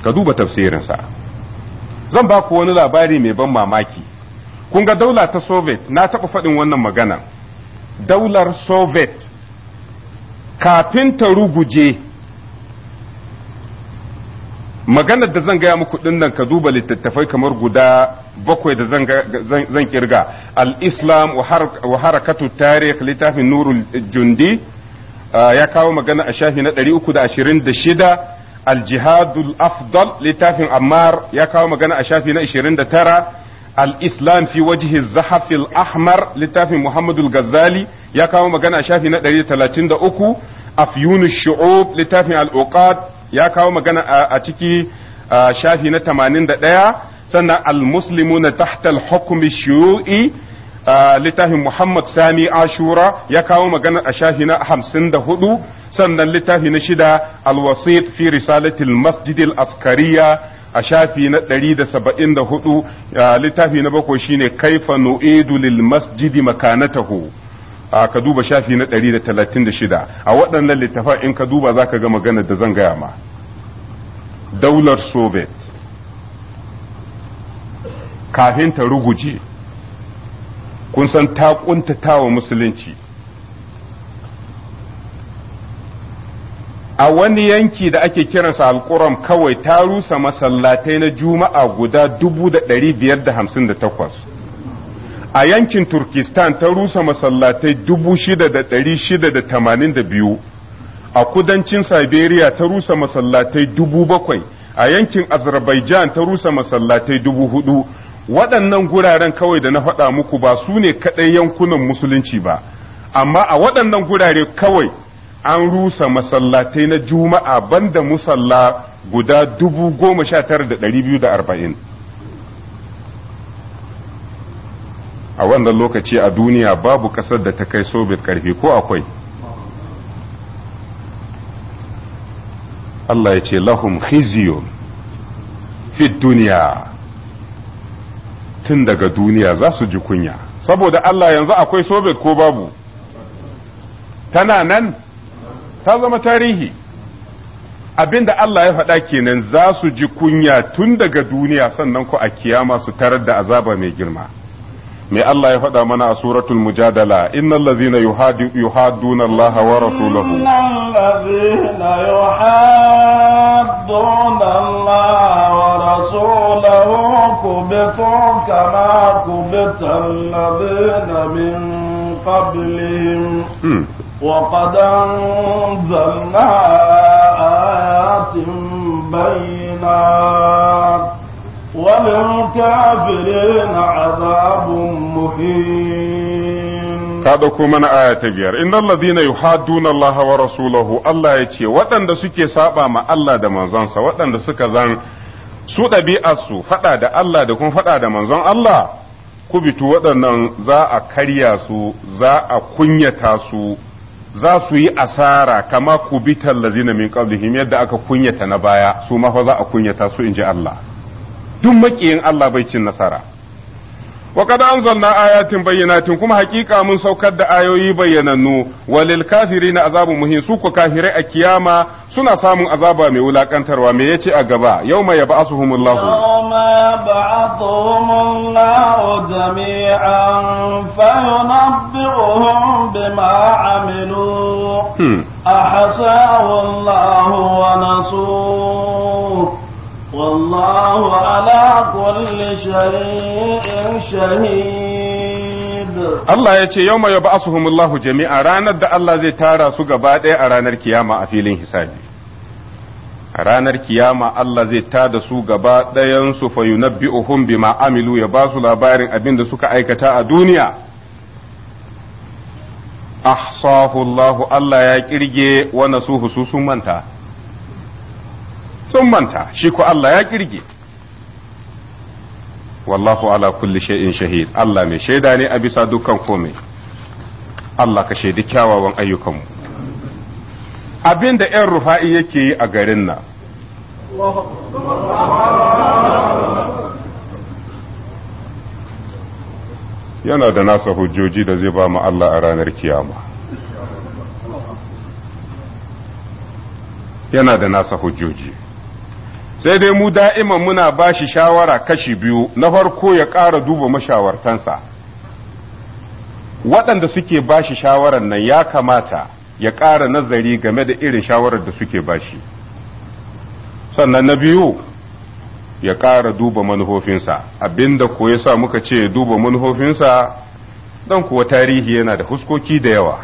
ka duba tafsirinsa zan ba ku wani labari mai ban mamaki kun ga daula ta soviet na taɓa faɗin wannan magana daular soviet kafin ta ruguje maganar da zan gaya muku nan ka duba littattafai kamar guda bakwai da zan kirga al-islam wa harakatu tarikh littafin nurul jundi uh, ya kawo magana a shafi na 326 al-jihadul afdal littafin ammar ya kawo magana a shafi na 29 al-islam fi wajhi zahafil ahmar littafin muhammadul gazzali ya kawo magana a shafi na 133 afyunush shu'ub littafin al-uqad ya kawo magana a ciki shafi na ɗaya sannan almuslimu na tahtal al-hukmi littafin Muhammad sami Ashura ya kawo magana a shafi na hamsin da hudu sannan littafi na shida alwasit fi risalatil masjidil askariya a shafi na ɗari da saba'in da hudu littafi na bakwai shine kaifa nu'idu lil masjidi makanatahu ka duba shafi na 136 a waɗannan littafan in ka duba za ka ga maganar da zan gaya ma daular soviet kafin ta ruguje kun san ta ƙuntatawa musulunci a wani yanki da ake kiransa alkuram kawai ta rusa masallatai na juma'a guda 558 a yankin turkistan ta rusa masallatai 6,682 a kudancin siberia ta rusa masallatai 7,000 a yankin azerbaijan ta rusa masallatai 4,000 waɗannan guraren kawai da na faɗa muku ba su ne kaɗai yankunan musulunci ba amma a waɗannan gurare kawai an rusa masallatai na juma'a banda musalla guda dubu goma sha arba'in a wannan lokaci a duniya babu ƙasar da ta kai sobet ƙarfi ko akwai Allah ya ce lahum khizyun fi duniya tun daga duniya za su ji kunya saboda Allah yanzu akwai sobet ko babu tana nan ta zama tarihi Abinda Allah ya faɗa kenan za su ji kunya tun daga duniya sannan ko a kiyama su tarar da azaba mai girma me Allah ya faɗa mana a suratul mujadala innal ladzina yuhadduna Allah wa rasulahu innal ladzina yuhadduna Allah wa rasulahu kubitu kama kubita alladhina min qablihim وقد أنزلنا آيات بينات وللكافرين عذاب مهين ka ɗauko mana aya ta biyar inna alladhina yuhadduna Allah wa rasulahu Allah ya ce waɗanda suke saba ma Allah da manzonsa waɗanda suka zan su ɗabi'arsu faɗa da Allah da kuma faɗa da manzon Allah Ku kubitu waɗannan za a karya su za a kunyata su za su yi asara kama kubitan lazina min qablihim yadda aka kunyata na baya su ma fa za a kunyata su in ji Allah duk makiyin Allah bai cin nasara wa qad anzalna ayatin tun kuma hakika mun saukar da ayoyi bayyanannu walil kafirina azabun muhin su ko kafirai a kiyama suna samun azaba mai wulakantarwa me yace a gaba yauma yab'asuhumullahu yawma yab'athuhumullahu jami'an fa yunabbi'uhum bima amilu hmm. ahsahu Allahu wa nasu والله على كل شيء شهيد الله يتي يوم يبعثهم الله جميعا ranar da Allah zai tara su gabaɗaya a ranar kiyama a filin hisabi a ranar kiyama Allah zai da su gaba ɗayansu fa yunabbi'uhum bima amilu ya ba su labarin abin da suka aikata a duniya ahsahu Allah Allah ya kirge wa nasuhu su sun manta sun manta shi ko Allah ya kirge wallahu ala kulli shay'in shahid Allah mai shaida ne a bisa dukkan komai Allah ka shaidi kyawawan ayyukanmu abin da ‘yan rufa'i yake yi a garin na. yana da nasa hujjoji da zai ba mu Allah a ranar kiyama yana da nasa hujjoji sai dai mu da'iman muna ba shi shawara kashi biyu na farko ya ƙara duba mashawartansa waɗanda suke ba shi shawarar nan ya kamata ya ƙara nazari game da irin shawarar da suke ba shi sannan na biyu ya ƙara duba manufofinsa abinda ko ya sa muka ce duba manufofinsa don kuwa tarihi yana da huskoki da yawa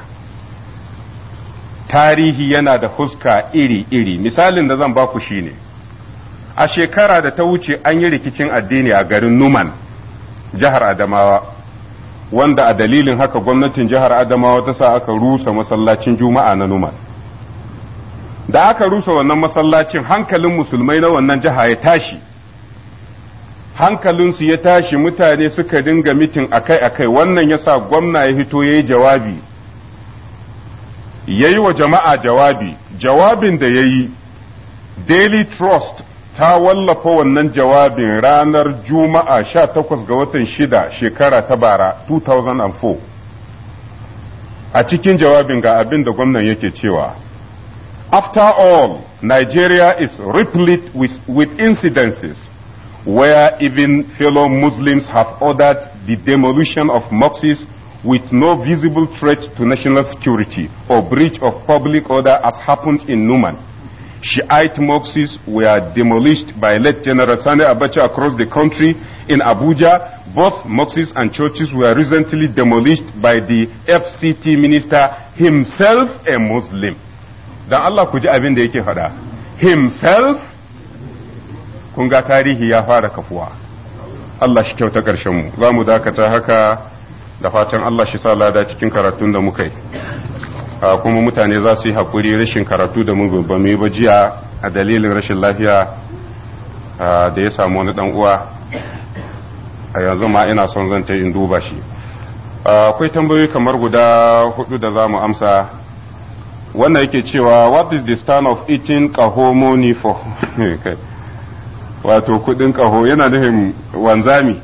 tarihi yana da huska iri-iri misalin da zan baku shine a shekara da ta wuce an yi rikicin addini a garin numan jihar adamawa wanda a dalilin haka gwamnatin jihar adamawa ta sa aka rusa masallacin juma'a na numan da aka rusa wannan masallacin hankalin musulmai na wannan jiha ya tashi hankalinsu ya tashi mutane suka dinga mitin akai-akai wannan ya sa gwamna ya hito ya yi jawabi ya yi wa jama'a jawabi jawabin da ya yi daily trust ta wallafa wannan jawabin ranar juma'a 18 ga watan shida shekara ta bara 2004 a cikin jawabin ga abin da gwamnan yake cewa after all nigeria is replete with, with incidences where even fellow muslims have ordered the demolition of mosques with no visible threat to national security or breach of public order as happened in numan Shiite mosques were demolished by late General Sani Abacha across the country. In Abuja, both mosques and churches were recently demolished by the FCT minister himself a Muslim. Dan Allah ku ji abin da yake faɗa. Himself, kun ga tarihi ya fara kafuwa. Allah shi kyauta ƙarshenmu, za mu dakata haka da fatan Allah shi sa lada cikin karatun da muka yi. kuma mutane za su yi hakuri rashin karatu da mun ba mu yi ba jiya a dalilin rashin lafiya da ya samu wani ɗan uwa a yanzu ma ina son zan ta in duba shi akwai tambayoyi kamar guda hudu da za mu amsa wannan yake cewa what is the stand of eating kaho money for wato kudin kaho yana nufin wanzami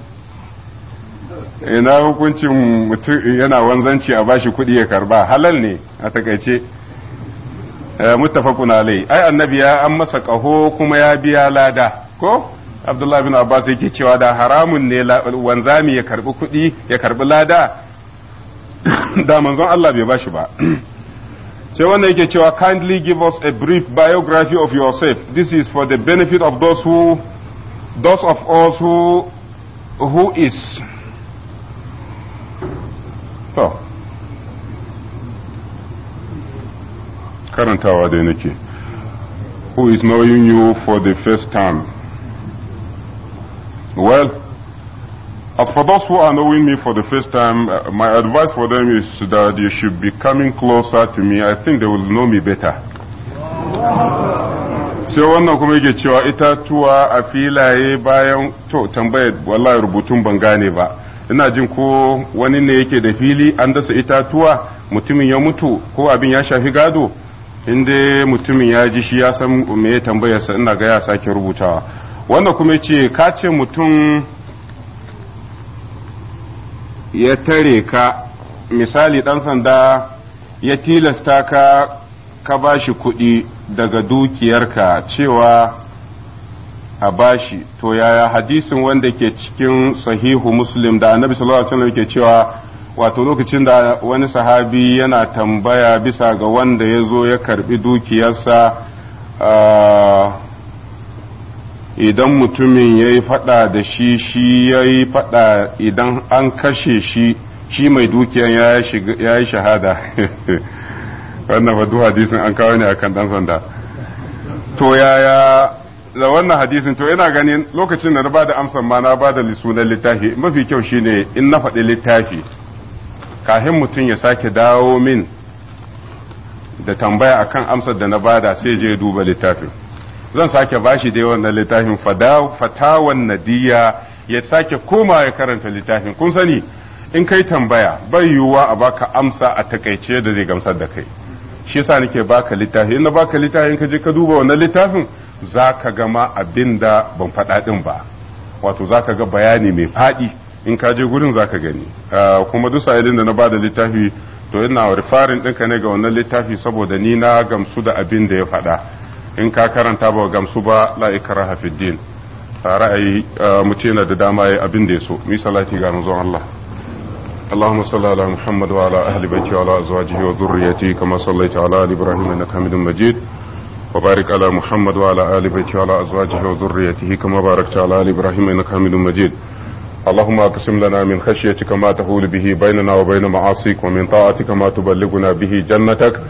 ina hukuncin mutum yana wanzanci a bashi kuɗi ya karba halal ne a takaice eh, muttafaqun alai ai annabi ya an masa kaho kuma ya biya lada ko Abdullahi bin Abbas yake cewa da haramun ne wanzami ya karbi kuɗi ya karbi lada da manzon Allah bai bashi ba sai wannan yake cewa kindly give us a brief biography of yourself this is for the benefit of those who those of us who who is to karantawa dai nake who is knowing you for the first time well as for those who are knowing me for the first time, uh, my advice for them is that you should be coming closer to me. I think they will know me better. sai wannan kuma yake cewa itatuwa a filaye bayan to tambayar wallahi rubutun ban gane ba ina jin ko wani ne yake da fili an dasa itatuwa mutumin ya mutu ko abin ya shafi gado inda mutumin ya ji shi ya san me ya sa ina ga ya sake rubutawa wanda kuma ce ka ce mutum ya tare ka misali dan sanda ya tilasta ka ka ba shi kuɗi daga dukiyarka cewa a bashi to yaya hadisin wanda ke cikin sahihu muslim da annabi sallallahu alaihi wasallam ke cewa wato lokacin da wani sahabi yana tambaya bisa ga wanda ya zo ya karbi dukiyarsa idan mutumin ya yi fada da shi shi ya yi fada idan an kashe shi shi mai dukiyar ya yi shahada wannan fadu hadisin an kawo ne akan dan sanda to yaya da wannan hadisin to ina ganin lokacin da na bada amsan ma na ba da sunan littafi mafi kyau shine in na faɗi littafi kafin mutum ya sake dawo min da tambaya akan amsar da na bada sai je duba littafin zan sake bashi dai wannan littafin fatawan nadiya ya sake koma ya karanta littafin kun sani in kai tambaya bai yiwuwa a baka amsa a takaice da zai gamsar da kai shi yasa nake baka littafi in na baka littafin ka je ka duba wannan littafin za ka gama abinda ban faɗa ɗin ba wato za ka ga bayani mai faɗi in ka je gurin za ka gani ah, kuma duk sa'ilin da na ba da littafi to ina rifarin ɗinka ne ga wannan littafi saboda ni na gamsu da abinda ya faɗa in ka karanta ba gamsu ba la'ikar hafiddin ra'ayi ah, mu yana da dama ya abin da ya so mi salati ga manzon Allah اللهم صل على محمد وعلى اهل بيته وعلى ازواجه وذريته كما صليت على ال ابراهيم انك حميد مجيد وبارك على محمد وعلى آل بيته وعلى أزواجه وذريته كما باركت على آل إبراهيم إنك حميد مجيد اللهم اقسم لنا من خشيتك ما تهول به بيننا وبين معاصيك ومن طاعتك ما تبلغنا به جنتك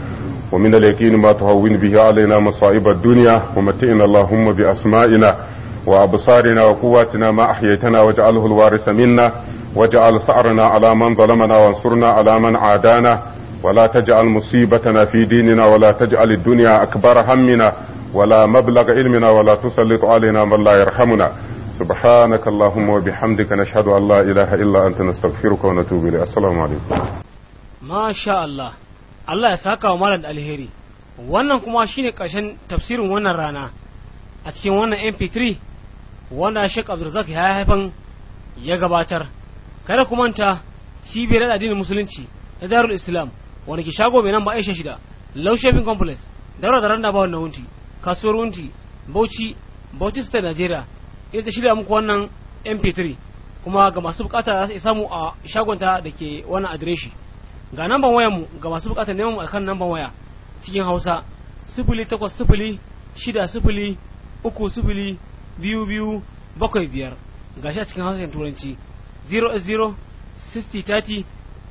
ومن اليقين ما تهون به علينا مصائب الدنيا ومتئنا اللهم بأسمائنا وأبصارنا وقواتنا ما أحييتنا واجعله الوارث منا واجعل ثأرنا على من ظلمنا وانصرنا على من عادانا ولا تجعل مصيبتنا في ديننا ولا تجعل الدنيا أكبر همنا ولا مبلغ علمنا ولا تسلط علينا من لا يرحمنا سبحانك اللهم وبحمدك نشهد أن لا إله إلا أنت نستغفرك ونتوب إليك السلام عليكم ما شاء الله Allah ya saka wa malam alheri wannan kuma shine ƙarshen tafsirin wannan rana a cikin wannan mp3 wanda Sheikh Abdulrazak ya haifan ya gabatar kada ku manta cibiyar addinin musulunci na Darul Islam wani ki shago mai nan ba aisha shida low shopping complex daura da randa ba wannan wunti kasuwar wunti bauchi bauchi state nigeria ita shirya muku wannan mp3 kuma ga masu bukata za su samu a shagonta da ke wannan adireshi ga namban wayar mu ga masu bukata neman mu akan namban waya cikin hausa sifili takwas sifili shida sifili uku sifili biyu biyu bakwai biyar gashi a cikin hausa turanci 00